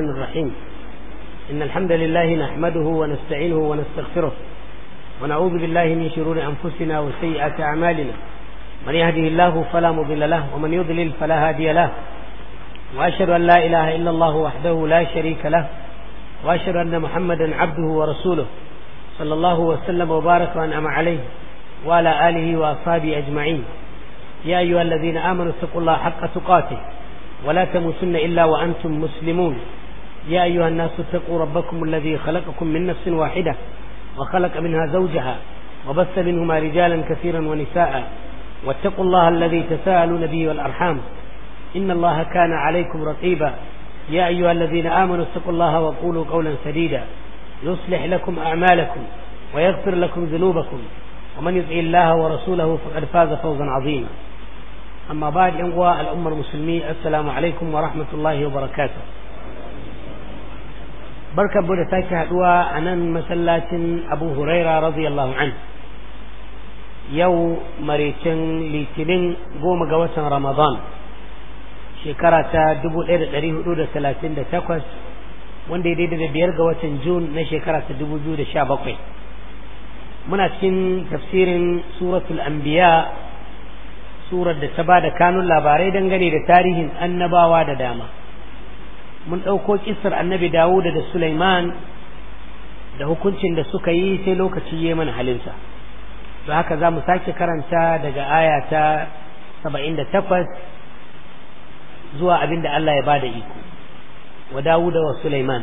الرحمن الرحيم إن الحمد لله نحمده ونستعينه ونستغفره ونعوذ بالله من شرور أنفسنا وسيئات أعمالنا من يهده الله فلا مضل له ومن يضلل فلا هادي له وأشهد أن لا إله إلا الله وحده لا شريك له وأشهد أن محمدا عبده ورسوله صلى الله وسلم وبارك وأنعم عليه وعلى آله وأصحابه أجمعين يا أيها الذين آمنوا اتقوا الله حق تقاته ولا تموتن إلا وأنتم مسلمون يا أيها الناس اتقوا ربكم الذي خلقكم من نفس واحدة وخلق منها زوجها وبث منهما رجالا كثيرا ونساء واتقوا الله الذي تساءلون به والأرحام إن الله كان عليكم رقيبا يا أيها الذين آمنوا اتقوا الله وقولوا قولا سديدا يصلح لكم أعمالكم ويغفر لكم ذنوبكم ومن يطع الله ورسوله فقد فاز فوزا عظيما أما بعد أنواع الأمة المسلمين السلام عليكم ورحمة الله وبركاته bu da sake haduwa a nan masallacin abu huraira radiyallahu an yau maricin litinin goma ga watan ramadan shekara ta 1438 wanda ya daidai da biyar ga watan jun na shekara ta 2017 muna cikin tafsirin suratul anbiya surar da ta ba da kanun labarai dangane da tarihin annabawa da dama mun ɗauko kisar annabi dawuda da Suleiman da hukuncin da suka yi sai lokaci ya mana halinsa da haka za mu sake karanta daga aya ta saba'in da takwas zuwa abin da Allah ya ba da iko wa dawuda wa sulaiman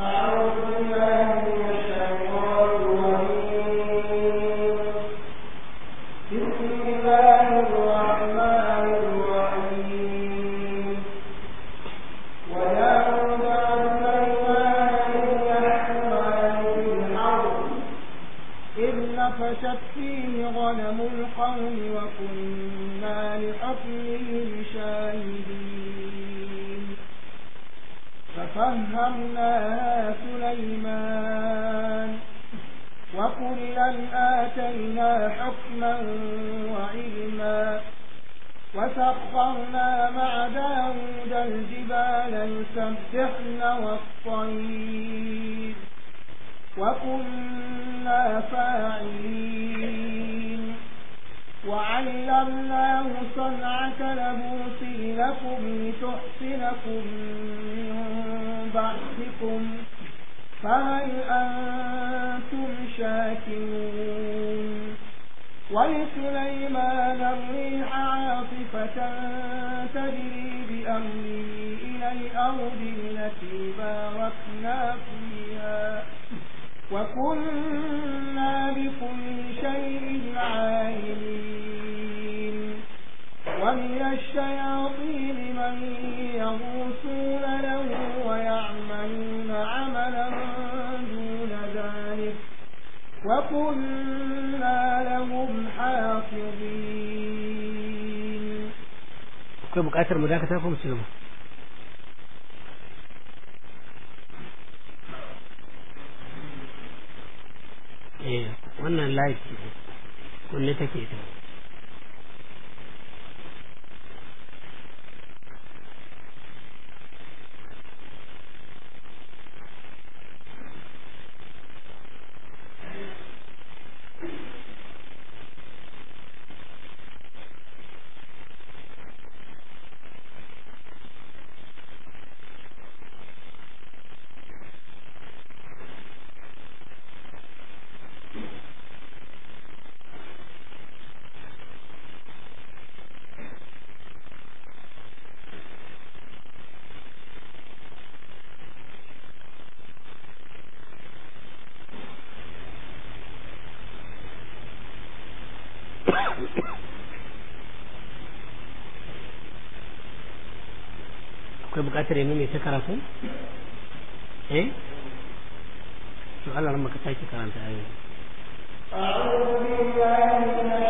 أعوذ بالله من الشيطان الرجيم buƙatar ya mai ta karatu eh to Allah ran maka sake karanta ayoyi a'udhu billahi minash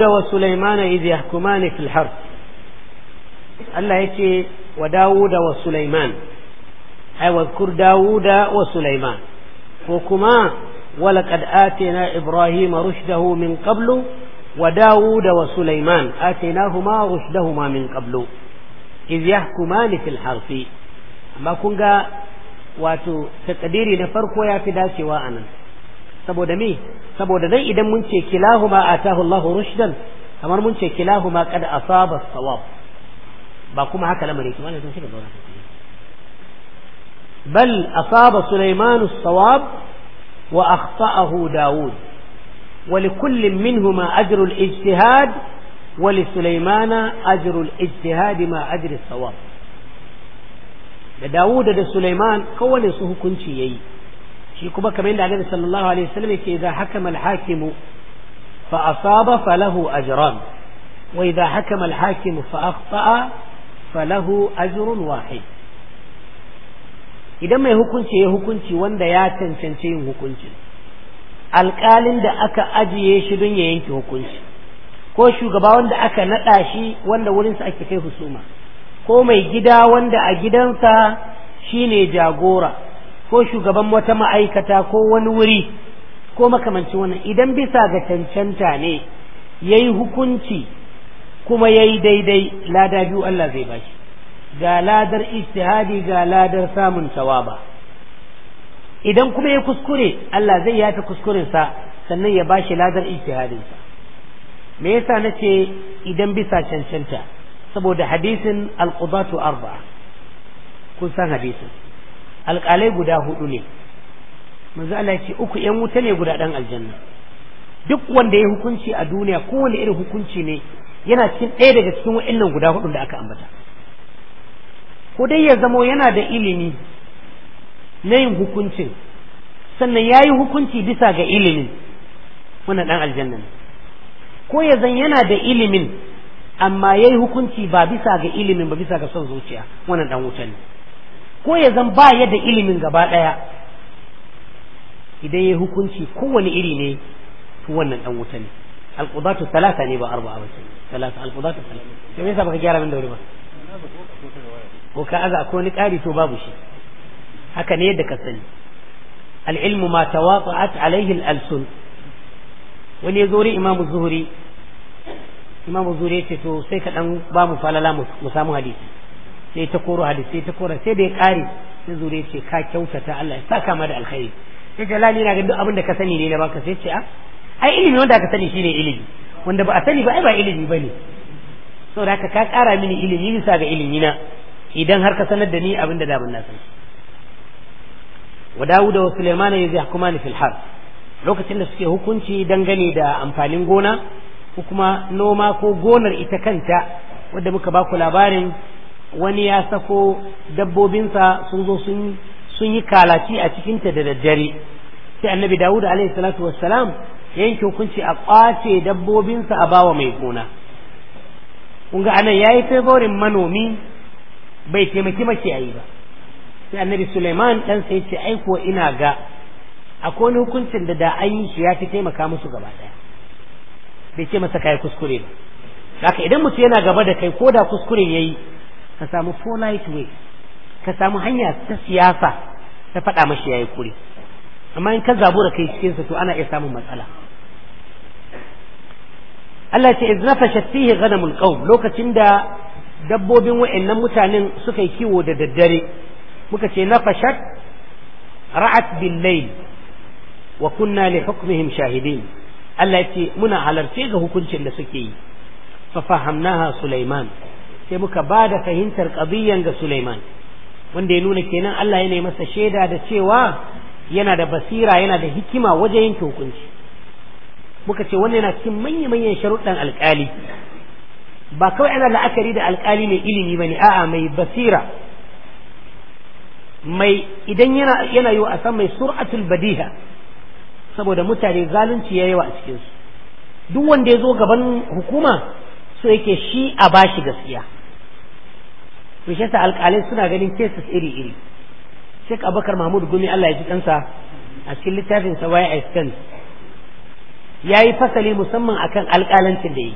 داود وسليمان إذ يحكمان في الحرب الله يتي وداود وسليمان أي واذكر داود وسليمان وكما ولقد آتينا إبراهيم رشده من قبل وداود وسليمان آتيناهما رشدهما من قبل إذ يحكمان في الحرف أما كنغا واتو تقديري نفرق ويا في داشي وانا سبو دمي saboda dai idan mun ce kilahuma atahu Allahu rushdan kamar mun ce kilahuma kad asaba sawab ba kuma haka lamarin ki wannan shi zauna bal asaba Sulaiman as-sawab wa akhta'ahu Dawud ولكل منهما أجر الاجتهاد ولسليمان أجر الاجتهاد ما أجر sawab da daud da Sulaiman kowane su hukunci yayi shi kuma kamar yadda annabi sallallahu alaihi wasallam yake idza hakama al-hakimu fa asaba falahu ajran wa idza hakama al-hakimu fa akhta'a falahu ajrun wahid idan mai hukunci ya hukunci wanda ya cancanci yin hukunci alƙalin da aka ajiye shi don ya yanke hukunci ko shugaba wanda aka naɗa shi wanda wurinsa ake kai husuma ko mai gida wanda a gidansa shine jagora ko shugaban wata ma'aikata ko wani wuri ko makamancin wannan idan bisa ga cancanta ne ya yi hukunci kuma ya yi daidai lada biyu Allah zai ba shi ga ladar istihadi ga ladar samun tawaba idan kuma ya kuskure Allah zai ya ta kuskurensa sannan ya ba shi ladar istihadinsa me yasa na ce idan bisa cancanta saboda hadisin al-qudatu arba kun san hadisin alƙalai guda hudu ne manzo Allah ya ce uku yan wuta ne guda dan aljanna duk wanda ya hukunci a duniya kowane irin hukunci ne yana cikin ɗaya daga cikin wa'annan guda hudu da aka ambata ko dai ya zamo yana da ilimi na yin hukuncin sannan ya yi hukunci bisa ga ilimin wannan ɗan aljanna ne ko ya zan yana da ilimin amma ya yi hukunci ba bisa ga ilimin ba bisa ga son zuciya wannan ɗan wuta ne ko ya zan ba ya da ilimin gaba ɗaya idan ya hukunci kowane iri ne to wannan dan wuta ne alqudatu talata ne ba arba'a ba ce talata alqudatu talata to me yasa baka gyara min da wuri ba ko ka aza ko ni ƙari to babu shi haka ne yadda ka sani al-ilmu ma tawaqa'at alayhi al-alsun wani ya zori imamu zuhuri imamu zuhuri ya ce to sai ka dan ba mu falala mu samu hadisi sai ta koro hadisi ta koro sai da ya kare sai zure ce ka kyautata Allah ya saka ma da alkhairi sai lani na ga duk abin da ka sani ne na baka sai ce a ah, ai ilimi wanda ka sani shine ilimi wanda ba a sani ba ai ba ilimi bane saboda haka ka kara mini ilimi bisa ga ilimi na idan har ka sanar da ni abin da ban na sani wa Dawud wa Sulaiman yazhkumani fil har lokacin da suke hukunci dangane da amfanin gona ko kuma noma ko gonar ita kanta wadda muka baku labarin wani ya sako dabbobinsa sun zo sun yi kalaci a cikinta da daddare sai annabi dawud alaihi salatu wassalam yanke hukunci a kwace dabbobinsa a bawa mai gona kun ga anan yayi favorin manomi bai taimaki makiyayi ba sai annabi suleiman dan sai ce aiko ina ga akwai wani hukuncin da da an yi shi ya fi taimaka musu gaba daya bai ce masa kai kuskure ba haka idan mutum yana gaba da kai ko da kuskure yayi ka samu polite way ka samu hanya ta siyasa ta faɗa mashi yayi kuri amma in ka zabura kai cikin sa to ana iya samun matsala Allah ce idza fashat fihi ghanamul qawm lokacin da dabbobin wa'annan mutanen suka yi kiwo da daddare muka ce na fashat ra'at bil layl wa kunna li hukmihim shahidin Allah ya ce muna halarce ga hukuncin da suke yi fa fahamnaha Sulaiman sai muka ba da fahimtar ƙabiyan ga Suleiman wanda ya nuna kenan Allah ya ne masa shaida da cewa yana da basira yana da hikima wajen yanke hukunci muka ce wannan yana cikin manya-manyan sharuɗan alƙali ba kawai ana la'akari da alƙali mai ilimi ba ne a'a mai basira mai idan yana yana yiwa a san mai sur'atul badiha saboda mutane zalunci ya yawa a cikinsu duk wanda ya zo gaban hukuma so yake shi a bashi gaskiya to shi yasa alƙalai suna ganin cases iri iri Sheikh Abubakar Mahmud Gumi Allah ya ji kansa a cikin littafin sa Why I Stand ya yi fasali musamman akan alƙalancin da yi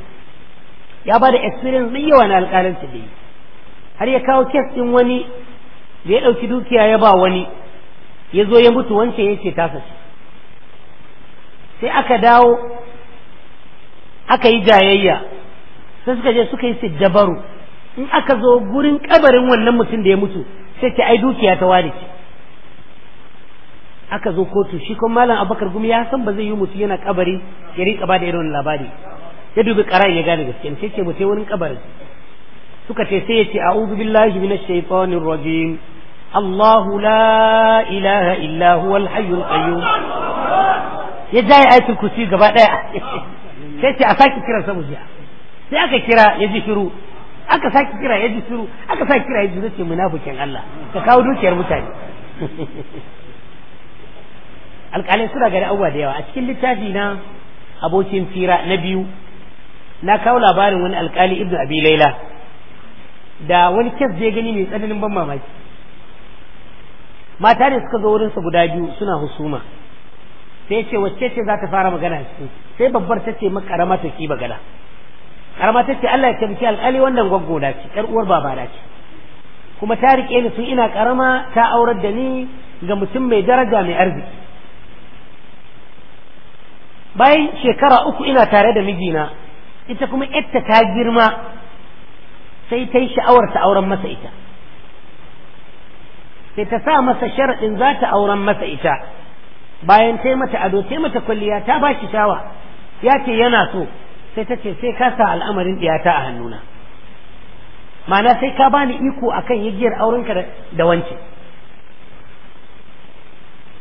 ya ba da experience mai yawa na alƙalancin da yi har ya kawo kes ɗin wani da ya ɗauki dukiya ya ba wani ya zo ya mutu wancan ya ce tasa ce sai aka dawo aka yi jayayya sai suka je suka yi sijjabaru in aka zo gurin kabarin wannan mutum da ya mutu sai ta ai dukiya ta ware ce aka zo kotu shi kuma malam abakar gumi ya san ba zai yi mutum yana kabari ya rika ba da irin labari ya dubi karar ya gane gaskiya sai ce mutum wurin kabarin suka ce sai ya ce a'udhu billahi minash shaitanir rajim Allahu la ilaha illa huwa al-hayyul qayyum ya jaye ayatul kursi gaba daya sai ce a saki kira sabuja sai aka kira ya ji shiru aka saki kira ya ji aka saki kira ya ji zace munafikin Allah ka kawo dukiyar mutane alƙalai suna gari abubuwa da yawa a cikin littafi na abokin fira na biyu na kawo labarin wani alƙali ibn abi laila da wani kes da gani mai tsananin ban mamaki mata ne suka zo wurinsa guda biyu suna husuma sai ce wacce ce za ta fara magana cikin sai babbar ta ce makarama ta ki magana karama ta ce Allah ya tabbaci alƙali wannan gwaggo da ce ƴar uwar baba da ce kuma ta rike ni sun ina karama ta aurar da ni ga mutum mai daraja mai arziki bayan shekara uku ina tare da mijina ita kuma ita ta girma sai ta yi sha'awar ta auren masa ita sai ta sa masa sharaɗin za ta auren masa ita bayan ta mata ado ta mata kwalliya ta ba shi shawa ya ce yana so sai ta ce sai ka sa al'amarin ɗiyata a hannuna ma'ana sai ka bani iko akan yigiyar aurenka da wance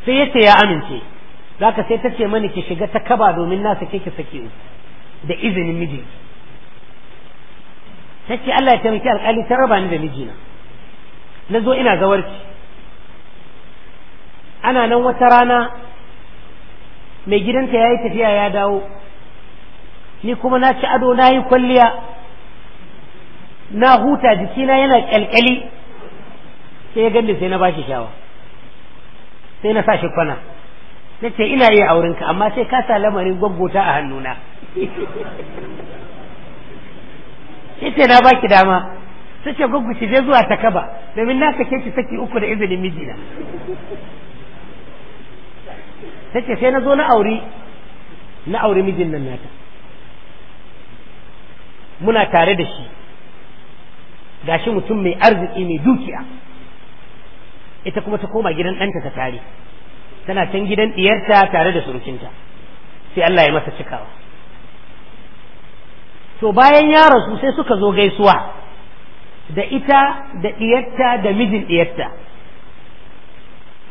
sai ya ya amince zaka sai ta ce mani ki shiga ta kaba domin na sake ki sake da izinin miji. ta ce Allah ya taimaki alƙali ta raba ni da mijina na zo ina zawarci ana nan wata rana mai gidanta ya yi tafiya ya dawo ni kuma na ci ado na yi kwalliya na huta jikina yana kyalkyali sai ya gani sai na shi shawa sai na sa shi kwana na ce ina yi aurenka amma sai ka sa lamarin gwaggota a hannuna ce na baki dama ce gwaggu shi zai zuwa ta kaba domin na kake ki saki uku da izinin mijina ce sai na zo na aure na aure mijin nan nata muna tare da shi ga shi mutum mai arziki mai dukiya ita kuma ta koma gidan ɗanta ta tare tana can gidan ɗiyarta tare da surukinta sai Allah ya masa cikawa to bayan ya rasu sai suka zo gaisuwa da ita da ɗiyarta da mijin ɗiyarta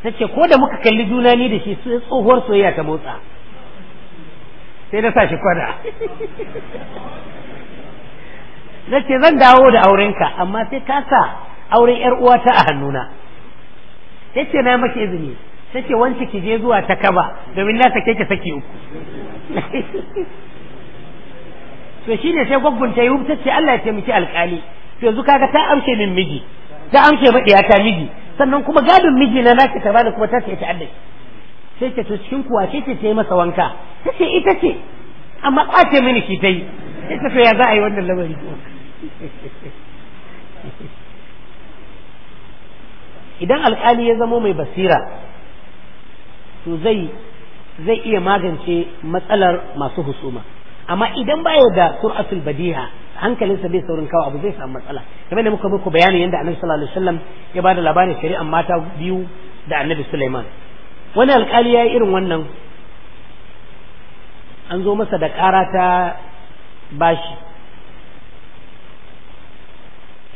ta ce ko da muka kalli juna ni da shi tsohuwar soyayya ta motsa sai na sa shi kwada nace zan dawo da aurenka amma sai ka sa auren yar uwata a hannuna yace na maki izini ce wance ki je zuwa ta kaba domin na sake ki saki uku to shine sai gwaggun ta yi ce Allah ya taimaki alkali to yanzu kaga ta amshe min miji ta amshe maɗiya ta miji sannan kuma gadin miji na naki ta bada kuma ta ce ta addai sai ce to cikin kuwa ce ce ta yi masa wanka ta ce ita ce amma kwace mini shi ta yi sai ta ya za a yi wannan lamari idan alkali ya zamo mai basira to zai zai iya magance matsalar masu husuma amma idan baya da sur'atul badiha hankalinsa bai saurin kawo abu zai samu matsala game da muka muku bayanin yadda annabi sallallahu alaihi wasallam ya bada labarin shari'ar mata biyu da annabi Sulaiman wani alkali ya yi irin wannan an zo masa da ƙara ta bashi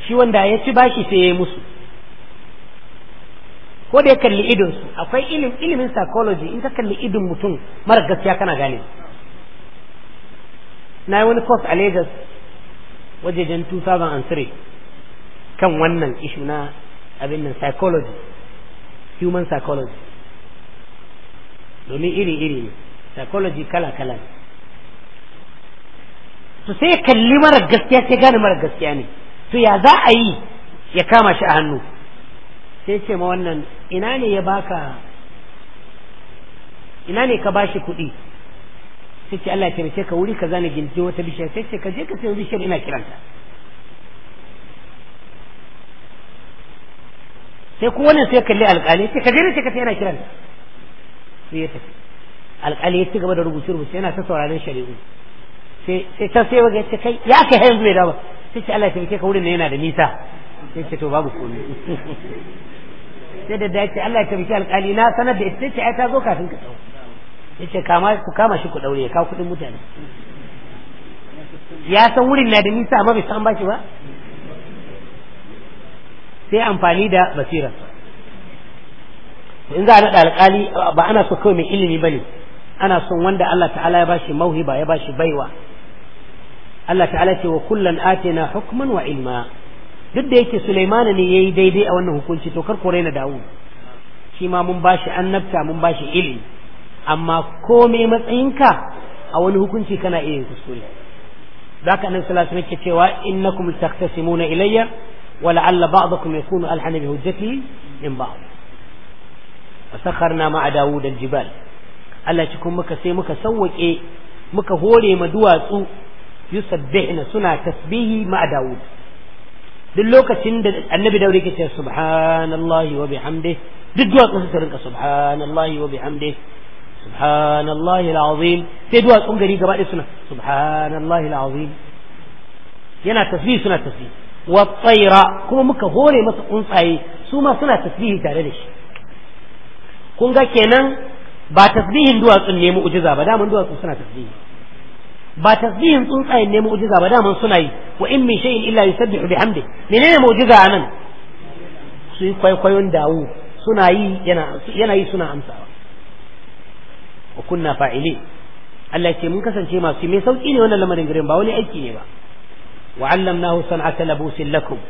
shi wanda ya ci bashi sai ya yi musu ko da ya kalli idonsu akwai ilimin psychology in ka kalli idon mutum mara gaskiya kana gane na yi wani course a Lagos wajejen 2003 kan wannan ishu na abin nan psychology human psychology domin iri-iri ne psychology kala-kala ne su sai kalli mara gaskiya sai gane mara gaskiya ne to ya za a yi ya kama shi a hannu sai ce ma wannan ina ne ya baka ina ne ka bashi kuɗi sai ce Allah ya taimake ka wuri ka zana gindin wata bishiyar sai ce ka je ka sayo bishiyar ina kiranta sai ko wannan sai kalli alƙali sai ka je ne sai ka yana kiranta sai ya tafi alƙali ya ci gaba da rubuce rubuce yana ta sauraron shari'u sai sai ta sai waga ce kai ya ka yanzu bai dawo sai ce Allah taimake ka wurin ne yana da nisa sai ce to babu komai sai da dace Allah ya taimake alƙali na sanar da ita sai ce ai ta zo kafin ka tsawo sai ce kama ku kama shi ku daure ya kawo kuɗin mutane ya san wurin na da nisa amma bai san shi ba sai amfani da basira in za a naɗa alƙali ba ana so kawai mai ilimi ba ne ana son wanda Allah ta'ala ya bashi mauhiba ya bashi baiwa Allah ta'ala ce wa kullan atina hukman wa ilma duk da yake Sulaiman ne yayi daidai a wannan hukunci to kar kore na Dawud shi ma mun bashi annabta mun bashi ilimi amma komai matsayinka a wani hukunci kana iya kuskure zaka annabi sallallahu alaihi wasallam cewa innakum taqtasimuna ilayya wa la'alla ba'dakum yakunu alhana bi hujjati in ba'd wasakharna ma'a Dawud al-jibal Allah cikin muka sai muka sawwake muka hore ma duwatsu yusabbihna suna tasbihi ma Dawud duk lokacin da annabi Dawud yake cewa subhanallahi wa bihamdihi duk duwatsun su rinka subhanallahi wa bihamdihi subhanallahi alazim sai duwatsun gari gaba ɗaya suna subhanallahi alazim yana tasbihi suna tasbihi wa tsaira kuma muka hore masa tsuntsaye su ma suna tasbihi tare da shi kun ga kenan ba tasbihin duwatsun ne mu'jiza ba daman duwatsun suna tasbihi ba tasbihin tsuntsayen ne mu'jiza ba dama suna yi wa in min shay'in illa yusabbihu bihamdi menene mu'jiza anan su yi kwaikwayon dawo suna yi yana yana yi suna amsawa wa kunna fa'ili Allah ce mun kasance masu mai sauki ne wannan lamarin gare ba wani aiki ne ba wa allamnahu san'ata labusin lakum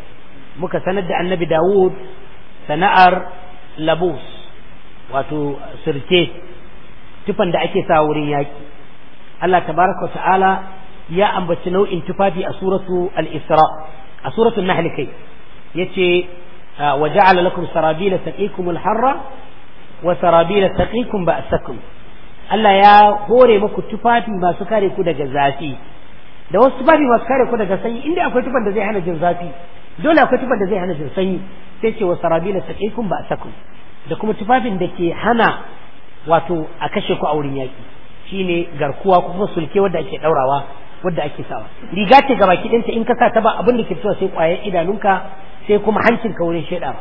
muka sanar da annabi Dawud sana'ar labus wato sirke tufan da ake sa wurin yaki Allah tabaraka ta'ala ya ambaci nau'in tufafi a suratu al-isra a suratu nahl kai yace ah, wa ja'ala lakum sarabila taqikum al-harra wa sarabila taqikum ba'sakum Allah ya hore muku tufafi masu kare ku daga zafi da wasu tufafi masu kare ku daga sanyi inda akwai tufan da zai hana jin zafi dole akwai tufan da zai hana jin sanyi sai ce wa sarabila taqikum ba'sakum da kuma tufafin da ke hana wato a kashe ku a wurin yaki shine garkuwa ko sulke wadda ake daurawa wadda ake sawa riga ce gaba kidinta in ka sa ta ba abin da ke fitowa sai kwayan idanunka sai kuma hancin ka wurin ba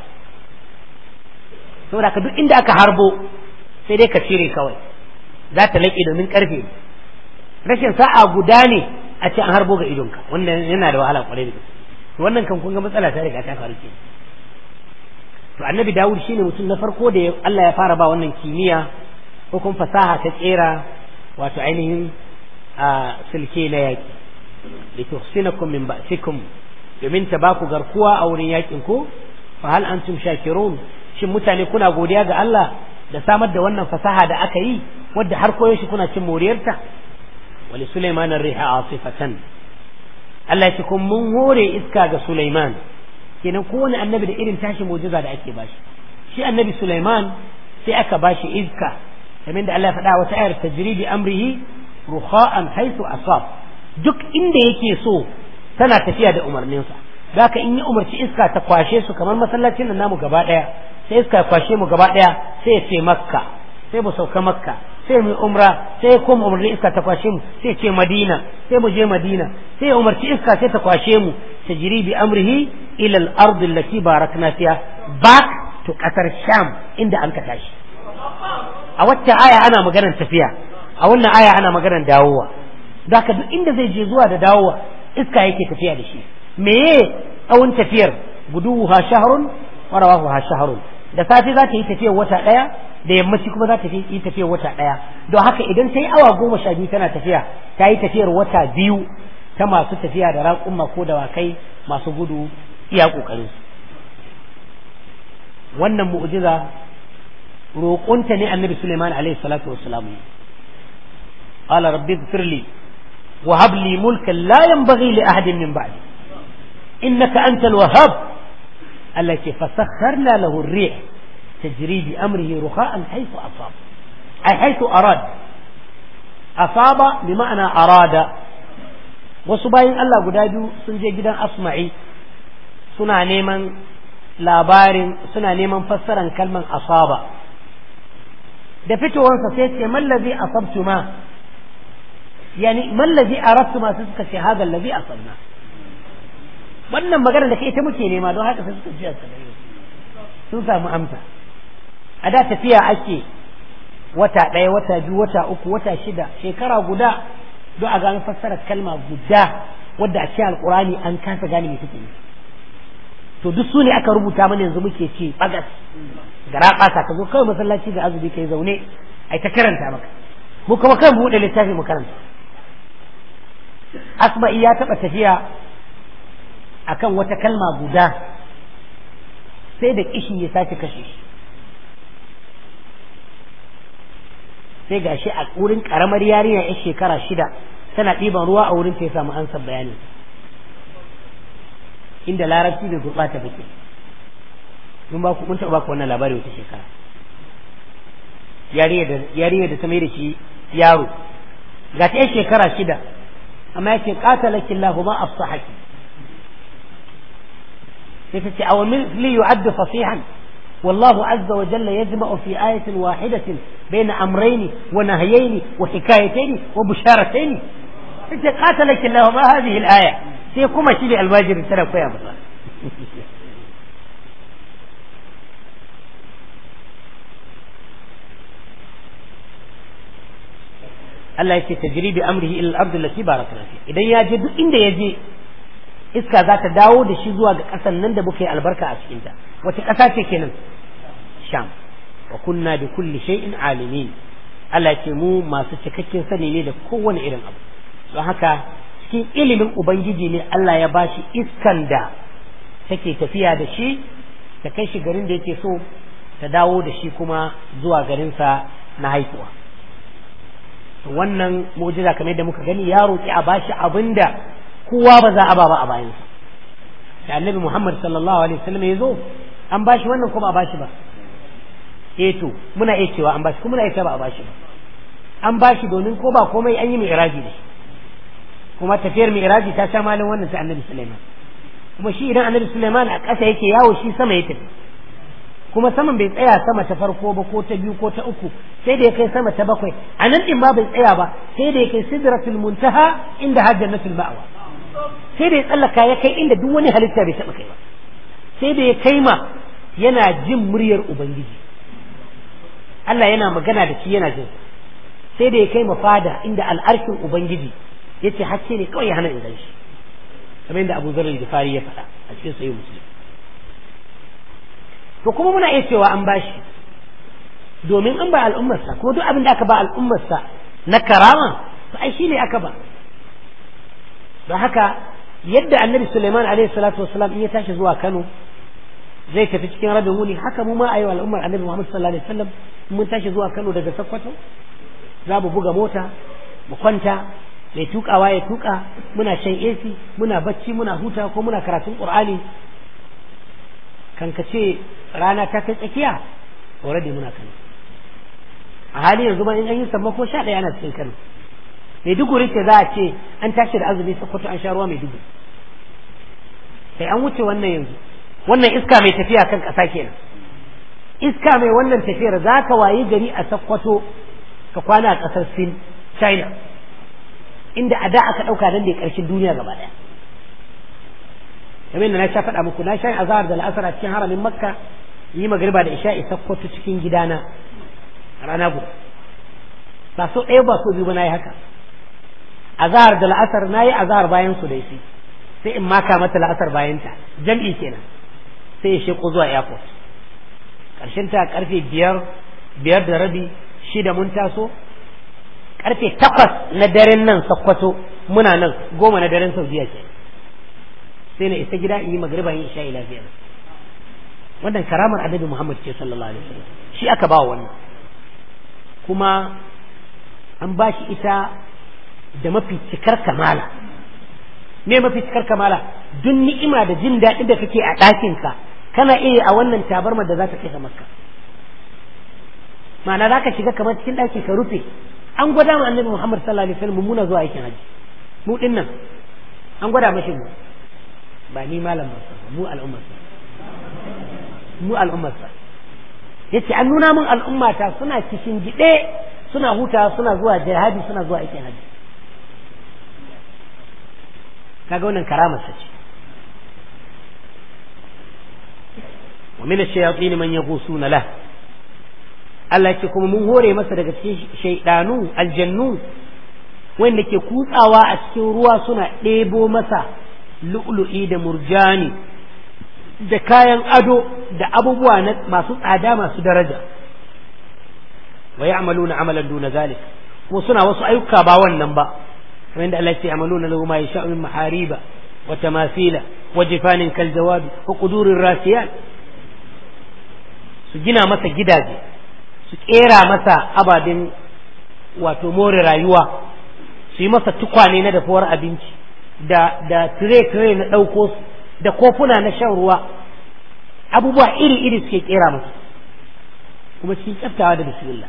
saboda ka duk inda aka harbo sai dai ka cire kawai za ta laƙe domin karfe rashin sa'a guda ne a ce an harbo ga idonka wannan yana da wahala kwarai da wannan kan kun ga matsala ta riga ta faru ke to annabi dawud shine mutum na farko da Allah ya fara ba wannan kimiyya ko kuma fasaha ta tsera wato ainihin a silke na yaƙi litusinakum min ba'sikum domin ta ba ku garkuwa a wurin yaƙin ku fa hal antum shakirun shin mutane kuna godiya ga Allah da samar da wannan fasaha da aka yi wadda har koyon shi kuna cin moriyarta wali Sulaiman ar-riha asifatan Allah ya kun mun hore iska ga Sulaiman kenan kowane annabi da irin tashi mu'jiza da ake bashi shi annabi Sulaiman sai aka bashi iska kamar da Allah ya faɗa wata ayar tajribi amrihi ruha'an haisu asab duk inda yake so tana tafiya da umarninsa zaka in ya umarci iska ta kwashe su kamar masallacin nan namu gaba daya sai iska kwashe mu gaba daya sai ya ce makka sai mu sauka makka sai mu umra sai ya koma umarni iska ta kwashe mu sai ce madina sai mu je madina sai ya umarci iska sai ta kwashe mu tajri amrihi ila al-ard allati barakna fiha back to qatar sham inda an ka tashi a wacce aya ana maganar tafiya a wannan aya ana maganar dawowa zaka duk inda zai je zuwa da dawowa iska yake tafiya da shi meye tsawon tafiyar guduhu ha shaharun wa ha shaharun da safe za ta yi tafiyar wata ɗaya da yammaci kuma za ta yi tafiyar wata ɗaya don haka idan ta yi awa goma sha biyu tana tafiya ta yi tafiyar wata biyu ta masu tafiya da raƙumma ko da dawakai masu gudu iya ƙoƙarinsu wannan mu'jiza roƙonta ne annabi Suleiman alaihi salatu wassalam qala rabbi ighfirli wa hab li mulkan la yanbaghi li ahadin min ba'di innaka antal wahhab allati fasakharna lahu ar-rih tajri bi amrihi rukha'an haythu asab ay haythu arad asaba bi ma'ana arada wasu bayin Allah guda biyu sun je gidan Asma'i suna neman labarin suna neman fassaran kalman asaba da fitowarsa sai ce mallazi ma yani mallazi arastuma sai suka ce hadha a asabna wannan magana da kai ita muke nema don haka sai suka ji asa sun samu amsa a da tafiya ake wata ɗaya wata biyu wata uku wata shida shekara guda don a gano fassarar kalma guda wadda a cikin alkurani an kasa gane me take nufi to duk su ne aka rubuta mana yanzu muke ce bagas ga raba ka zo kawai masallaci da azumi kai zaune ai ta karanta maka mu kuma kan bude littafi mu karanta asma'i ya taɓa tafiya akan wata kalma guda sai da kishi ya sace kashe shi sai gashi a wurin karamar yarinya yan shekara shida tana ɗiban ruwa a wurin ta ya samu ansa bayani inda larabci bai gurbata ba ke mun ba ku mun taɓa ku wannan labari wata shekara yarinya da ta mai da shi yaro ga ta shekara shida amma yake qatalaki Allahu ma afsahaki sai ta ce aw min li yu'addu fasihan wallahu azza wa jalla yajma'u fi والله عز وجل يجمع wa آية wa بين أمرين ونهيين وحكايتين qatalaki Allahu ma hadhihi al-aya sai kuma shi ne almajiri tana koya masa Allah yake tajri bi amrihi ila al ardh allati barakna fiha idan ya je duk inda ya je iska za ta dawo da shi zuwa ga ƙasan nan da muke albarka a cikin ta wata ƙasa ce kenan sham wa kunna bi kulli shay'in alimin Allah ce mu masu cikakken sani ne da kowane irin abu don haka cikin ilimin ubangiji ne Allah ya bashi iskan da take tafiya da shi ta kai shi garin da yake so ta dawo da shi kuma zuwa garinsa na haihuwa wannan mu'jiza kamar yadda muka gani ya roƙi a bashi abinda kowa ba za a ba ba a bayansa da annabi Muhammad sallallahu alaihi wasallam ya zo an bashi wannan kuma ba a bashi ba eh to muna iya cewa an bashi kuma muna iya cewa ba a bashi ba an bashi domin ko ba komai an yi mai iraji da shi kuma tafiyar mi'raji ta sha malin wannan sai annabi Suleiman kuma shi idan annabi Suleiman a ƙasa yake yawo shi sama ya tafi kuma saman bai tsaya sama ta farko ba ko ta biyu ko ta uku sai da ya kai sama ta bakwai a nan din ba bai tsaya ba sai da ya kai sidratul muntaha inda har jannatul ma'wa sai da ya tsallaka ya kai inda duk wani halitta bai taɓa kai ba sai da ya kai ma yana jin muryar ubangiji Allah yana magana da shi yana jin sai da ya kai ma fada inda al'arshin ubangiji ya ce haske ne kawai ya hana in ganshi kamar yadda Abu Dharr da fari ya faɗa a cikin sahih Muslim to kuma muna iya cewa an bashi domin an ba al'ummarsa ko duk abin da aka ba al'ummarsa na karama to ai shine aka ba don haka yadda annabi Sulaiman alaihi salatu wasalam in ya tashi zuwa Kano zai tafi cikin rabin wuni haka mu ma ayi al'ummar annabi Muhammad sallallahu alaihi wasallam mun tashi zuwa Kano daga Sokoto za mu buga mota mu kwanta mai tukawa ya tuka muna shan AC muna bacci muna huta ko muna karatun Qur'ani kan ka ce rana ta kai tsakiya already muna kan a hali yanzu ba in an yi sabba ko sha ɗaya ana cikin Kano mai duguri ce za a ce an tashi da azumi Sokoto an sha ruwa mai duguri sai an wuce wannan yanzu wannan iska mai tafiya kan ƙasa kenan iska mai wannan tafiyar za ka wayi gari a sakwato ka kwana a ƙasar Sin China inda a da aka ɗauka nan ne ƙarshen duniya gaba ɗaya kamar na sha faɗa muku na sha azhar da la'asar a cikin haramin makka yi magariba da isa kwatu cikin gidana rana guda ba so ɗaya ba so biyu ba na yi haka Azahar da la'asar na yi azhar bayan su da shi sai in maka mata la'asar bayan ta jam'i kenan sai ya sheko zuwa airport ƙarshen ta karfe biyar biyar da rabi shida mun taso karfe takwas na daren nan sakkwato muna nan goma na daren saudiya ke sai na isa gida in yi magriba yin ila biyar. wannan karamar annabi muhammad ce sallallahu alaihi wasallam shi aka ba wannan kuma an ba shi ita da mafi cikar kamala me mafi cikar kamala duk ni'ima da jin daɗi da kake a ɗakinka kana iya a wannan tabarmar da za ta kai ga makka ma'ana za ka shiga kamar cikin ɗaki ka rufe an gwada mu annabi Muhammad sallallahu alaihi wasallam muna zuwa aikin haji mu dinnan an gwada mashi mu ba ni malam ba mu al'ummar mu al'ummar yace an nuna mun min ta suna cikin gide suna huta suna zuwa jihadi suna zuwa aikin haji kaga wannan karamar sa ce ومن الشياطين من يغوصون له Allah ce kuma mun hore masa daga cikin shaidanu aljannu wanda ke kutsawa a cikin ruwa suna ɗebo masa lu'lu'i da murjani da kayan ado da abubuwa na masu tsada masu daraja wa ya'maluna amalan duna zalik kuma suna wasu ayyuka ba wannan ba kamar da Allah ya ce amaluna lahu ma yasha'u min mahariba wa tamasila wa jifanin kal jawabi wa qudurir rasiyat su gina masa gidaje su kera masa ababen wato more rayuwa su yi masa tukwane na dafuwar abinci da da tire-tire na ɗauko da kofuna na shan ruwa abubuwa iri-iri suke kera musu kuma cikin tsaftawa da bismillah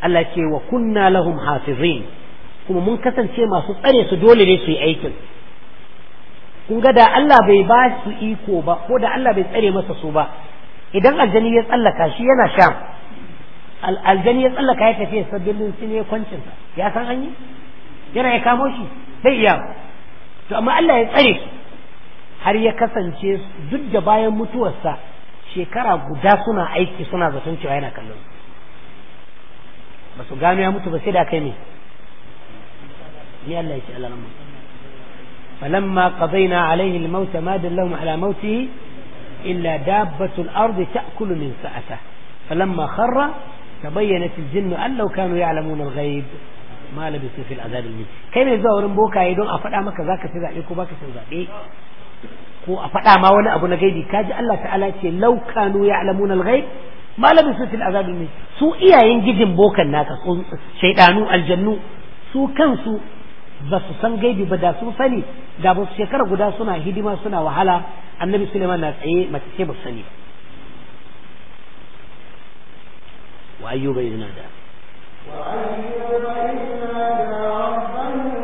Allah ce wa kunna lahum hafizin kuma mun kasance masu tsare su dole ne su yi aikin kun ga da Allah bai ba su iko ba ko da Allah bai tsare masa su ba idan aljani ya tsallaka shi yana sha aljani ya tsallaka ya tafi sabbin sun ne kwancin ya san an yi yana ya kamo shi sai iya to amma Allah ya tsare har ya kasance duk da bayan mutuwarsa shekara guda suna aiki suna zaton cewa yana kallon ba su gano ya mutu ba sai da kai ne ni Allah ya ce Allah falamma qadayna alaihi al-maut ma dallahum ala mautihi إلا دابة الأرض تأكل من سأته فلما خر تبينت الجن أن لو كانوا يعلمون الغيب ما لبثوا في العذاب المهين كيف يزوى ورن يدون أفدا مكا ذاك سيزعي كو باكا سيزعي ko a faɗa ma wani abu na gaibi kaji Allah ta'ala ce lau ya'lamun al-ghaib ma labisu fil azab min su iyayen gijin bokan naka shaydanu aljannu su kansu ba su san gaibi ba da sun sani da ba shekara guda suna hidima suna wahala النبي سليمان نافع إيه؟ ما تسيب الصليب وأيوب إذ نادى وأيوب إذ نادى ربه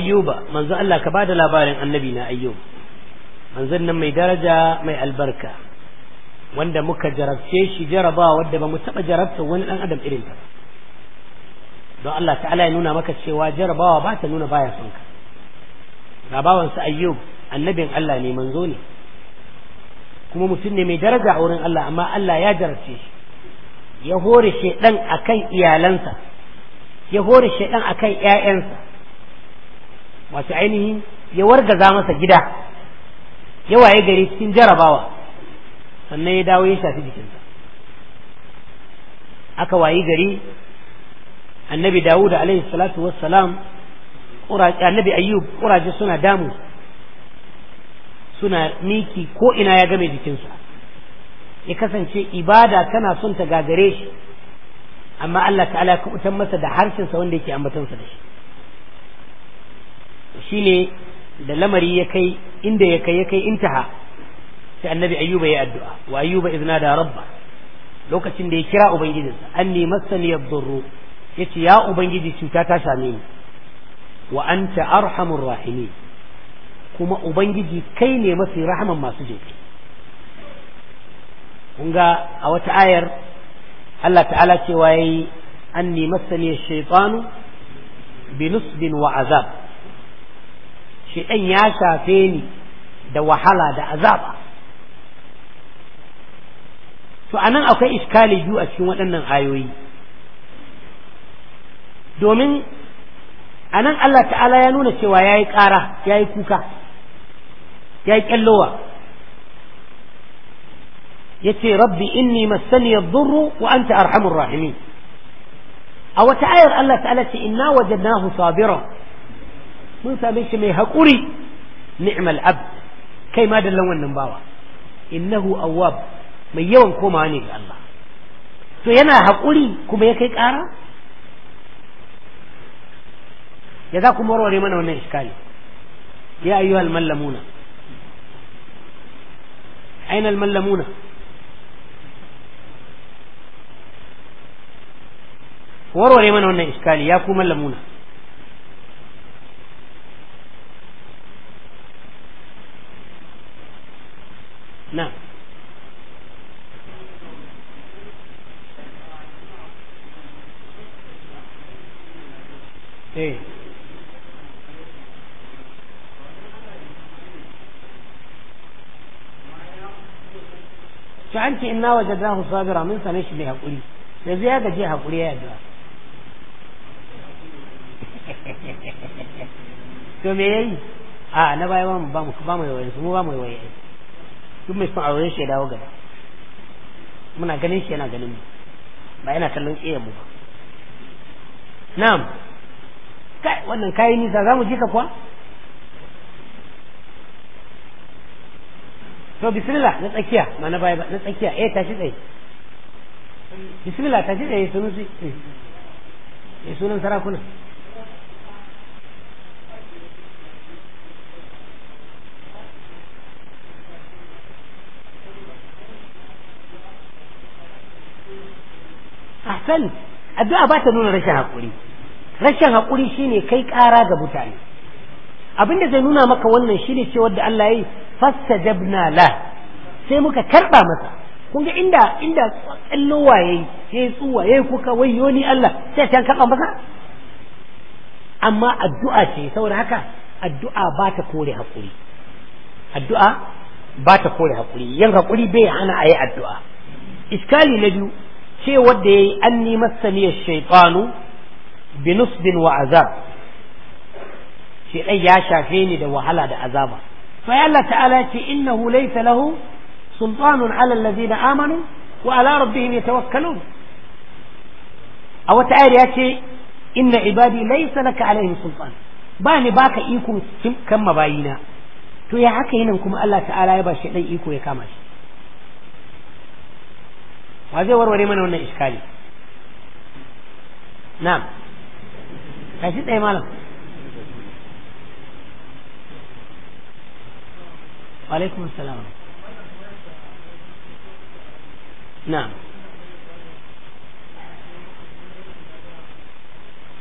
ayyuba manzo Allah ka bada labarin annabi na ayyub manzon nan mai daraja mai albarka wanda muka jarabce shi jaraba wadda ba mu taba jarabta wani dan adam irin ta don Allah ta'ala ya nuna maka cewa jarabawa ba ta nuna baya son ka gabawan sa ayyub annabin Allah ne manzo ne kuma mutum ne mai daraja a wurin Allah amma Allah ya jarabce shi ya hore dan akan iyalansa ya hore shedan akan ƴaƴansa wato ainihin ya wargaza masa gida ya waye gari cikin jarabawa sannan ya dawo ya shafi jikinsa aka wayi gari annabi dawuda alaihi salatu wassalam annabi ayyub kuraje suna damu suna miki ko ina ya game jikinsa ya kasance ibada tana son ta gagare shi amma Allah ta'ala ya kubutan masa da harshensa wanda yake ambatansa da shi shine da lamari ya kai inda ya kai ya kai intaha sai annabi ayyuba ya addu'a wa ayyuba izna da rabba lokacin da ya kira ubangijinsa anni masani yadurru yace ya ubangiji cuta ta same ni wa anta arhamur rahimin kuma ubangiji kai ne mafi rahaman masu jinki kun ga a wata ayar Allah ta'ala cewa yayi anni masani shaytanu bi nusbin wa azab shedan ya shafe ni da wahala da azaba to anan akwai iskali biyu a cikin waɗannan ayoyi domin anan Allah ta'ala ya nuna cewa ya yi ƙara ya yi kuka ya yi ƙyallowa ya ce rabbi inni masani yadurru wa anta arhamur rahimi a wata ayar Allah ta'ala ce inna wajadnahu sabira mun same shi mai haƙuri ni'mal abd kai ma dallan wannan bawa innahu awwab mai yawan komawa ne ga Allah to yana haƙuri kuma ya kai ƙara ya za ku warware mana wannan iskali ya ayyuhal mallamuna aina al mallamuna warware mana wannan iskali ya ku mallamuna inna wajadnahu sabira mun same shi mai hakuri yanzu ya gaje hakuri ya yadda to me yayi a na baya ba mu ba mu ba mu yawaye mu ba mu yawaye duk mai son aure shi ya dawo gaba muna ganin shi yana ganin mu ba yana kallon tsiyan mu ba na'am kai wannan kayi nisa za mu ji ka kuwa to bismillah na tsakiya ma na baya na tsakiya eh tashi tsaye bismillah tashi tsaye sunan su eh, eh sunan sarakuna ahsan addu'a ba ta nuna rashin hakuri rashin hakuri shine kai ƙara ga mutane abinda zai nuna maka wannan shine cewa da Allah yayi na la sai muka karba masa kun ga inda inda tsallo waye sai tsuwa yayi kuka wayyo ni Allah sai can karba masa amma addu'a ce saboda haka addu'a ba ta kore hakuri addu'a ba ta kore hakuri yan hakuri bai hana ayi addu'a iskali na biyu ce wanda yayi anni masaniyar shaytanu binusbin wa azab shi ya shafe ni da wahala da azaba sai Allah ta'ala ce innahu laysa lahu sultanun ala alladhina amanu wa ala rabbihim yatawakkalun a wata ayar ya ce inna ibadi laysa laka alaihim sultan ba ni baka iko kan mabayina to ya haka yinan kuma Allah ta'ala ya ba shi dan iko ya kama shi wa zai warware mana wannan iskali na'am وعليكم السلام نعم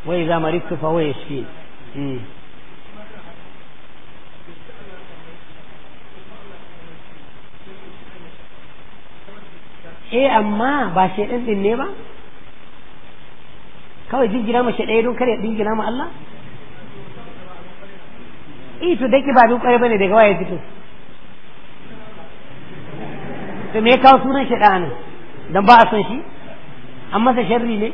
وإذا مرضت فهو يشفين eh amma ba shaidan din ne ba kawai jingina ma shaidai don kare jingina ma Allah eh to dake ba duk kare bane daga waye fito to me kawo sunan shi ɗanin don ba a son shi an masa sharri ne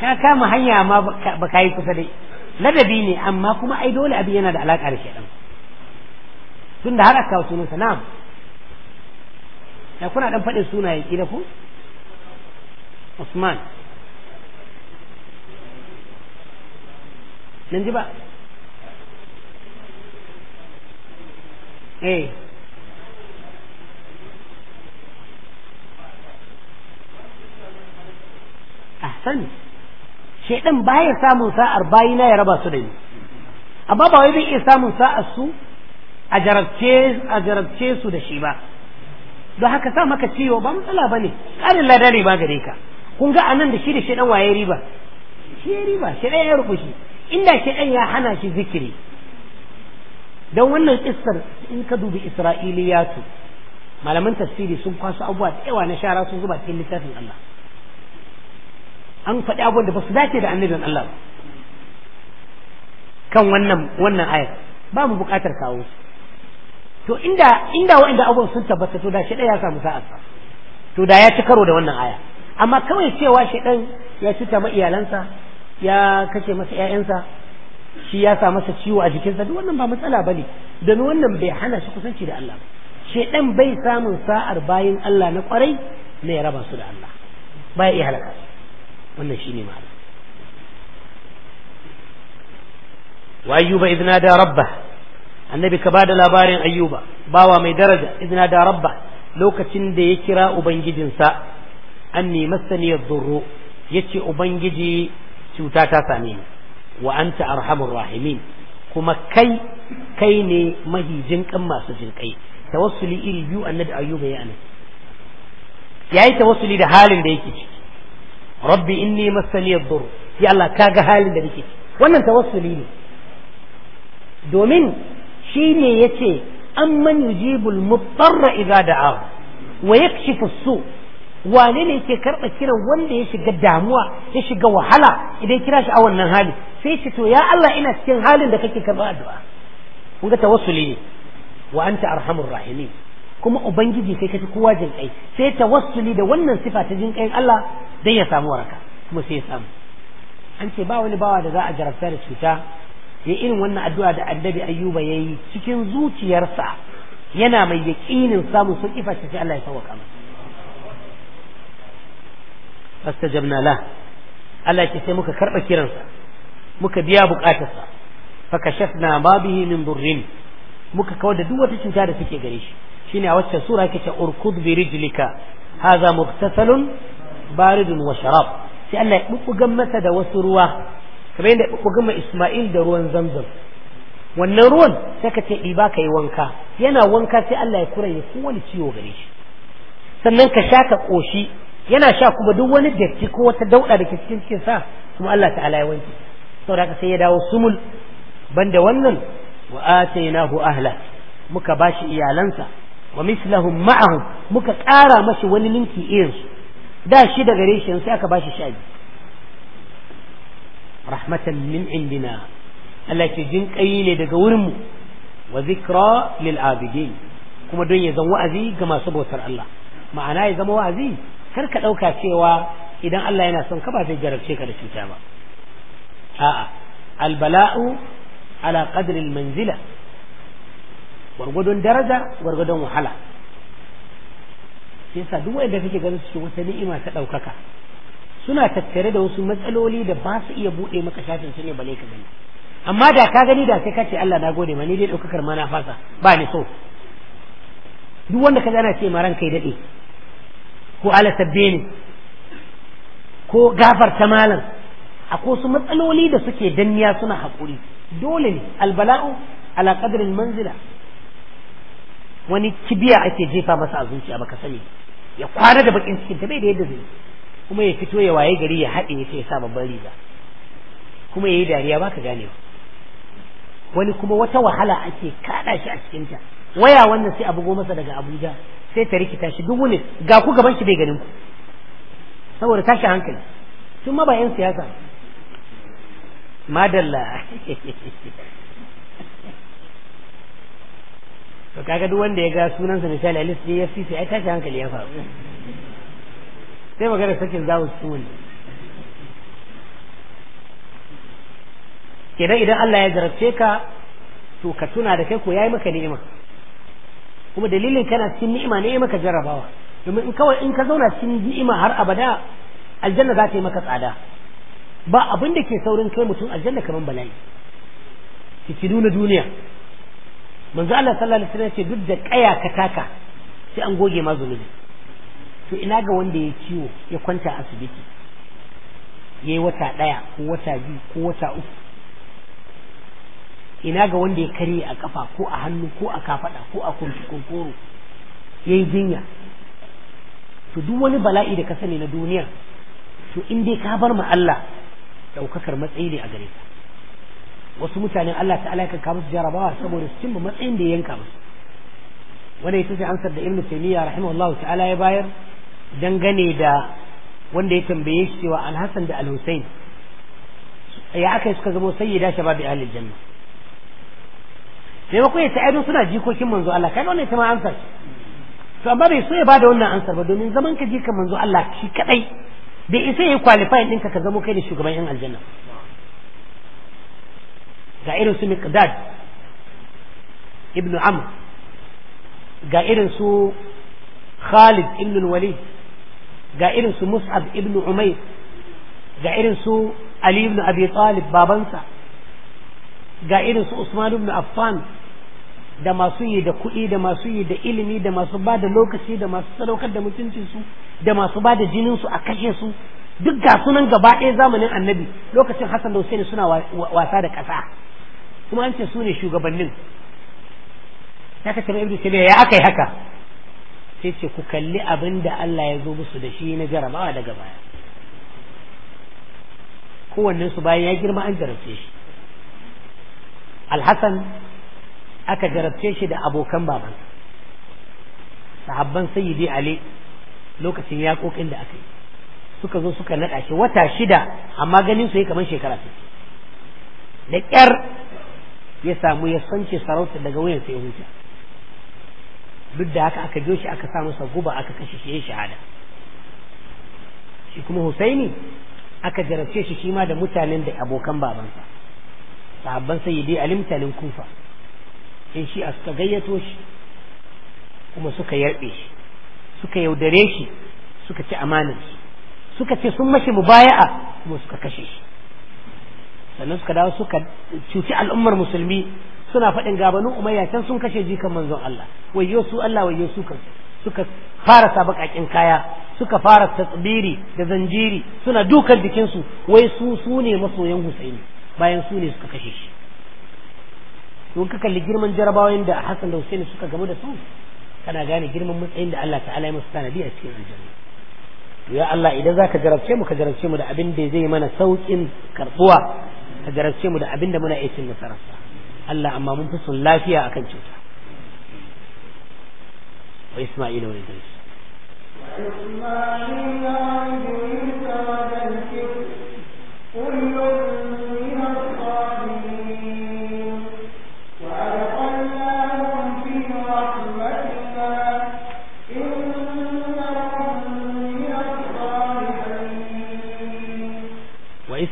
ka kama hanya amma ba ka yi kusa dai ladabi ne amma kuma ai dole abin yana da alaƙa da shaɗan tun da har aka kawo sunansa na'am ya kuna ɗan faɗin sunaye ƙila ku Usman nan ji ba eh ahsan shedan baya samun sa'ar bayina ya raba su da ni amma ba wai zai iya samun sa'ar su a jarabce a jarabce su da shi ba don haka sa maka ciwo ba matsala bane karin lada ne ba gare ka kun ga anan da shi da shedan waye riba shi ya riba shedan ya rubushi inda shedan ya hana shi zikiri don wannan kissar in ka dubi isra'iliyatu malaman tafsiri sun kwaso abubuwa da yawa na shara sun zuba cikin littafin Allah an faɗi abubuwan da ba su dace da annabin Allah kan wannan wannan ayar ba mu buƙatar kawo su to inda inda wa'anda abubuwan sun tabbata to da shi ya samu sa'a to da ya ci karo da wannan aya amma kawai cewa shi ya cuta ma iyalansa ya kashe masa ƴaƴansa shi ya sa masa ciwo a jikinsa duk wannan ba matsala bane don wannan bai hana shi kusanci da Allah ba bai samun sa'ar bayin Allah na kwarai ne ya raba su da Allah bai iya halaka wannan shine ma'ana wa ayyuba idna da rabba annabi ka bada labarin ayyuba bawa mai daraja idna da rabba lokacin da ya kira ubangijinsa an ya zurro ya ce ubangiji cuta ta same ni wa anta arhamur rahimin kuma kai kai ne mahijin kan masu jinkai tawassuli iri biyu annabi ayyuba ya yi wasu tawassuli da halin da yake ciki rabbi inni masani ya dur ya Allah kaga halin da nake wannan tawassuli ne domin shi shine yace amman yujibul mudarra idza da'a wa yakshifu su wane ne ke karɓa kiran wanda ya shiga damuwa ya shiga wahala idan kira shi a wannan hali sai ce to ya Allah ina cikin halin da kake karɓa addu'a kun ga tawassuli ne wa anta arhamur rahimin kuma ubangiji sai fi kowa jin kai sai tawassuli da wannan sifa ta jin kai Allah dai ya samu waraka kuma sai ya samu an ce ba wani bawa da za a jarabta da cuta ya irin wannan addu'a da annabi ayyuba yayi cikin zuciyarsa yana mai yaqinin samun sun ifa sai Allah ya sauka masa fastajabna la Allah ce sai muka karba kiransa muka biya bukatarsa kashafna ma bihi min durrin muka kawar da duk wata cuta da suke gare shi shine a wacce sura yake ce urkud bi rijlika hadha mughtasalun baridun wa sharab sai Allah ya bubbugan masa da wasu ruwa kamar yadda bubbugan mai Isma'il da ruwan Zamzam wannan ruwan sai ka ce ɗiba ka wanka yana wanka sai Allah ya kuraye wani ciwo gare shi sannan ka sha ka ƙoshi yana sha kuma duk wani datti ko wata dauɗa da ke cikin cikin sa kuma Allah ta'ala ya wanke saboda ka sai ya dawo sumul banda wannan wa atainahu ahla muka bashi iyalansa wa mislahum ma'ahum muka ƙara mashi wani ninki irin su da shi da gare shi sai aka bashi sha biyu rahmatan min indina Allah ke jin kai ne daga wurin mu wa zikra lil abidin kuma don ya zama wa'azi ga masu bautar Allah ma'ana ya zama wa'azi kar ka ɗauka cewa idan Allah yana son ka ba zai jarabce ka da cuta ba a'a albala'u ala qadri manzila gwargwadon daraja gwargwadon wahala sai sa duk wanda kake ganin su wata ni'ima ta ɗaukaka suna tattare da wasu matsaloli da ba su iya bude maka shafin su ne bale ka gani amma da ka gani da sai ka ce Allah na gode mani dai daukakar ma na fasa ba ni so duk wanda ka gana ce ma ran kai daɗe ko ala sabbini ko gafar ta malam akwai su matsaloli da suke danniya suna haƙuri dole ne albala'u ala qadrin manzila wani kibiya ake jefa masa a zuciya baka sani ya kwana da bakin cikin ta bai da yadda zai kuma ya fito ya waye gari ya haɗe ya ce ya sa babban riga kuma ya yi dariya baka gane wani kuma wata wahala ake kaɗa shi a cikin ta waya wannan sai a bugo masa daga abuja sai ta rikita shi duk wani ga ku gaban shi bai ganin ku saboda tashi hankali sun ma ba 'yan siyasa madalla to kaga duk wanda ya ga sa misali alif ne ya fi sai ai tashi hankali ya faru sai magana sakin zawo sun kenan idan Allah ya jarabce ka to ka tuna da kai ko yayi maka ni'ima kuma dalilin kana cikin ni'ima ne maka jarabawa domin in kawai in ka zauna cikin ni'ima har abada aljanna za ta yi maka tsada ba abin da ke saurin kai mutum aljanna kamar bala'i ki nuna duniya manzo Allah sallallahu alaihi wasallam ce duk da kaya ka taka sai an goge ma zunubi to ina ga wanda ya ciwo ya kwanta asibiti yayi wata daya ko wata biyu ko wata uku ina ga wanda ya karye a kafa ko a hannu ko a kafada ko a kunkuru yayi jinya to duk wani bala'i da ka sani na duniya to in dai ka bar ma Allah daukakar matsayi ne a gare ka wasu mutanen Allah ta'ala ya kawo su jarabawa saboda su cimma matsayin da ya yanka musu wanda ya tafi ansar da ibnu taymiya rahimahullah ta'ala ya bayar dangane da wanda ya tambaye shi cewa Alhassan da al ya aka suka zama sai sayyida shababi ahlil janna maimakon ya ta'adun suna jikokin manzo Allah kai wannan ita ma amsar to amma bai so ya bada wannan ansar ba domin zaman ka jikan manzo Allah shi kadai bai isa ya kwalifayin ɗinka ka zama kai da shugaban yan aljanna ga irin su miqdad ibn amr ga irin su khalid ibn walid ga irin su mus'ab ibn umair ga irin su ali ibn abi talib babansa ga irin su usman ibn affan da masu yi da kuɗi da masu yi da ilimi da masu ba da lokaci da masu sadaukar da mutuncinsu da masu ba da su a kashe su duk ga sunan gaba ɗaya zamanin annabi lokacin hassan da suna wasa da ƙasa kuma an ce su ne shugabannin haka kamar ibnu tabiya ya aka yi haka sai ce ku kalli abin da Allah ya zo musu da shi na jarabawa daga baya kowannen su bayan ya girma an jarabce shi alhassan aka jarabce shi da abokan baban sahabban sayyidi ali lokacin ya yaƙoƙin da aka yi suka zo suka naɗa shi wata shida amma ganin su yi kamar shekara ta da ƙyar ya samu ya sanke sarauta daga wuyan sai huta duk da haka aka biyo shi aka sa masa guba aka kashe shi ya shahada shi kuma Husaini aka jarabce shi shi ma da mutanen da abokan babansa sahabban sayyidi Ali mutanen Kufa in shi a suka gayyato shi kuma suka yarbe shi suka yaudare shi suka ci amanar shi suka ce sun mashi mubaya'a kuma suka kashe shi sannan suka dawo suka cuci al'ummar musulmi suna faɗin gabanin umayya can sun kashe jikan manzon Allah wayyo su Allah wayyo su suka fara sa baƙaƙin kaya suka fara tasbiri da zanjiri suna dukan jikinsu wai su su ne masoyan Husaini bayan su ne suka kashe shi don ka kalli girman jarabawoyin da Hassan da Husaini suka gamu da su kana gane girman matsayin da Allah ta'ala ya musu tanadi a cikin aljanna ya Allah idan zaka jarabce mu ka jarabce mu da abin da zai mana saukin karbuwa ka jarabce mu da abin da muna iya cin nasararsa Allah amma mun fi sun lafiya akan cuta wa Isma'il wa Idris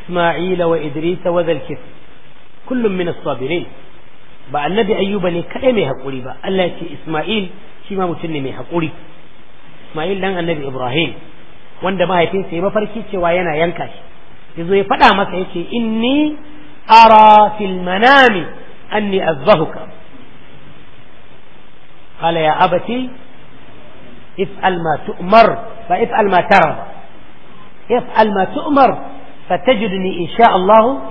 إسماعيل وإدريس وذا الكفر كل من الصابرين ba annabi ayyuba ne kadai mai hakuri ba Allah ya ce Isma'il shi ma mutum ne mai hakuri Isma'il dan annabi Ibrahim wanda mahaifinsa ya mafarki cewa yana yanka shi yazo ya faɗa masa yace inni ara fil manami anni azbahuka qala ya abati if'al ma tu'mar fa if'al ma tara if'al ma tu'mar فتجدني إن شاء الله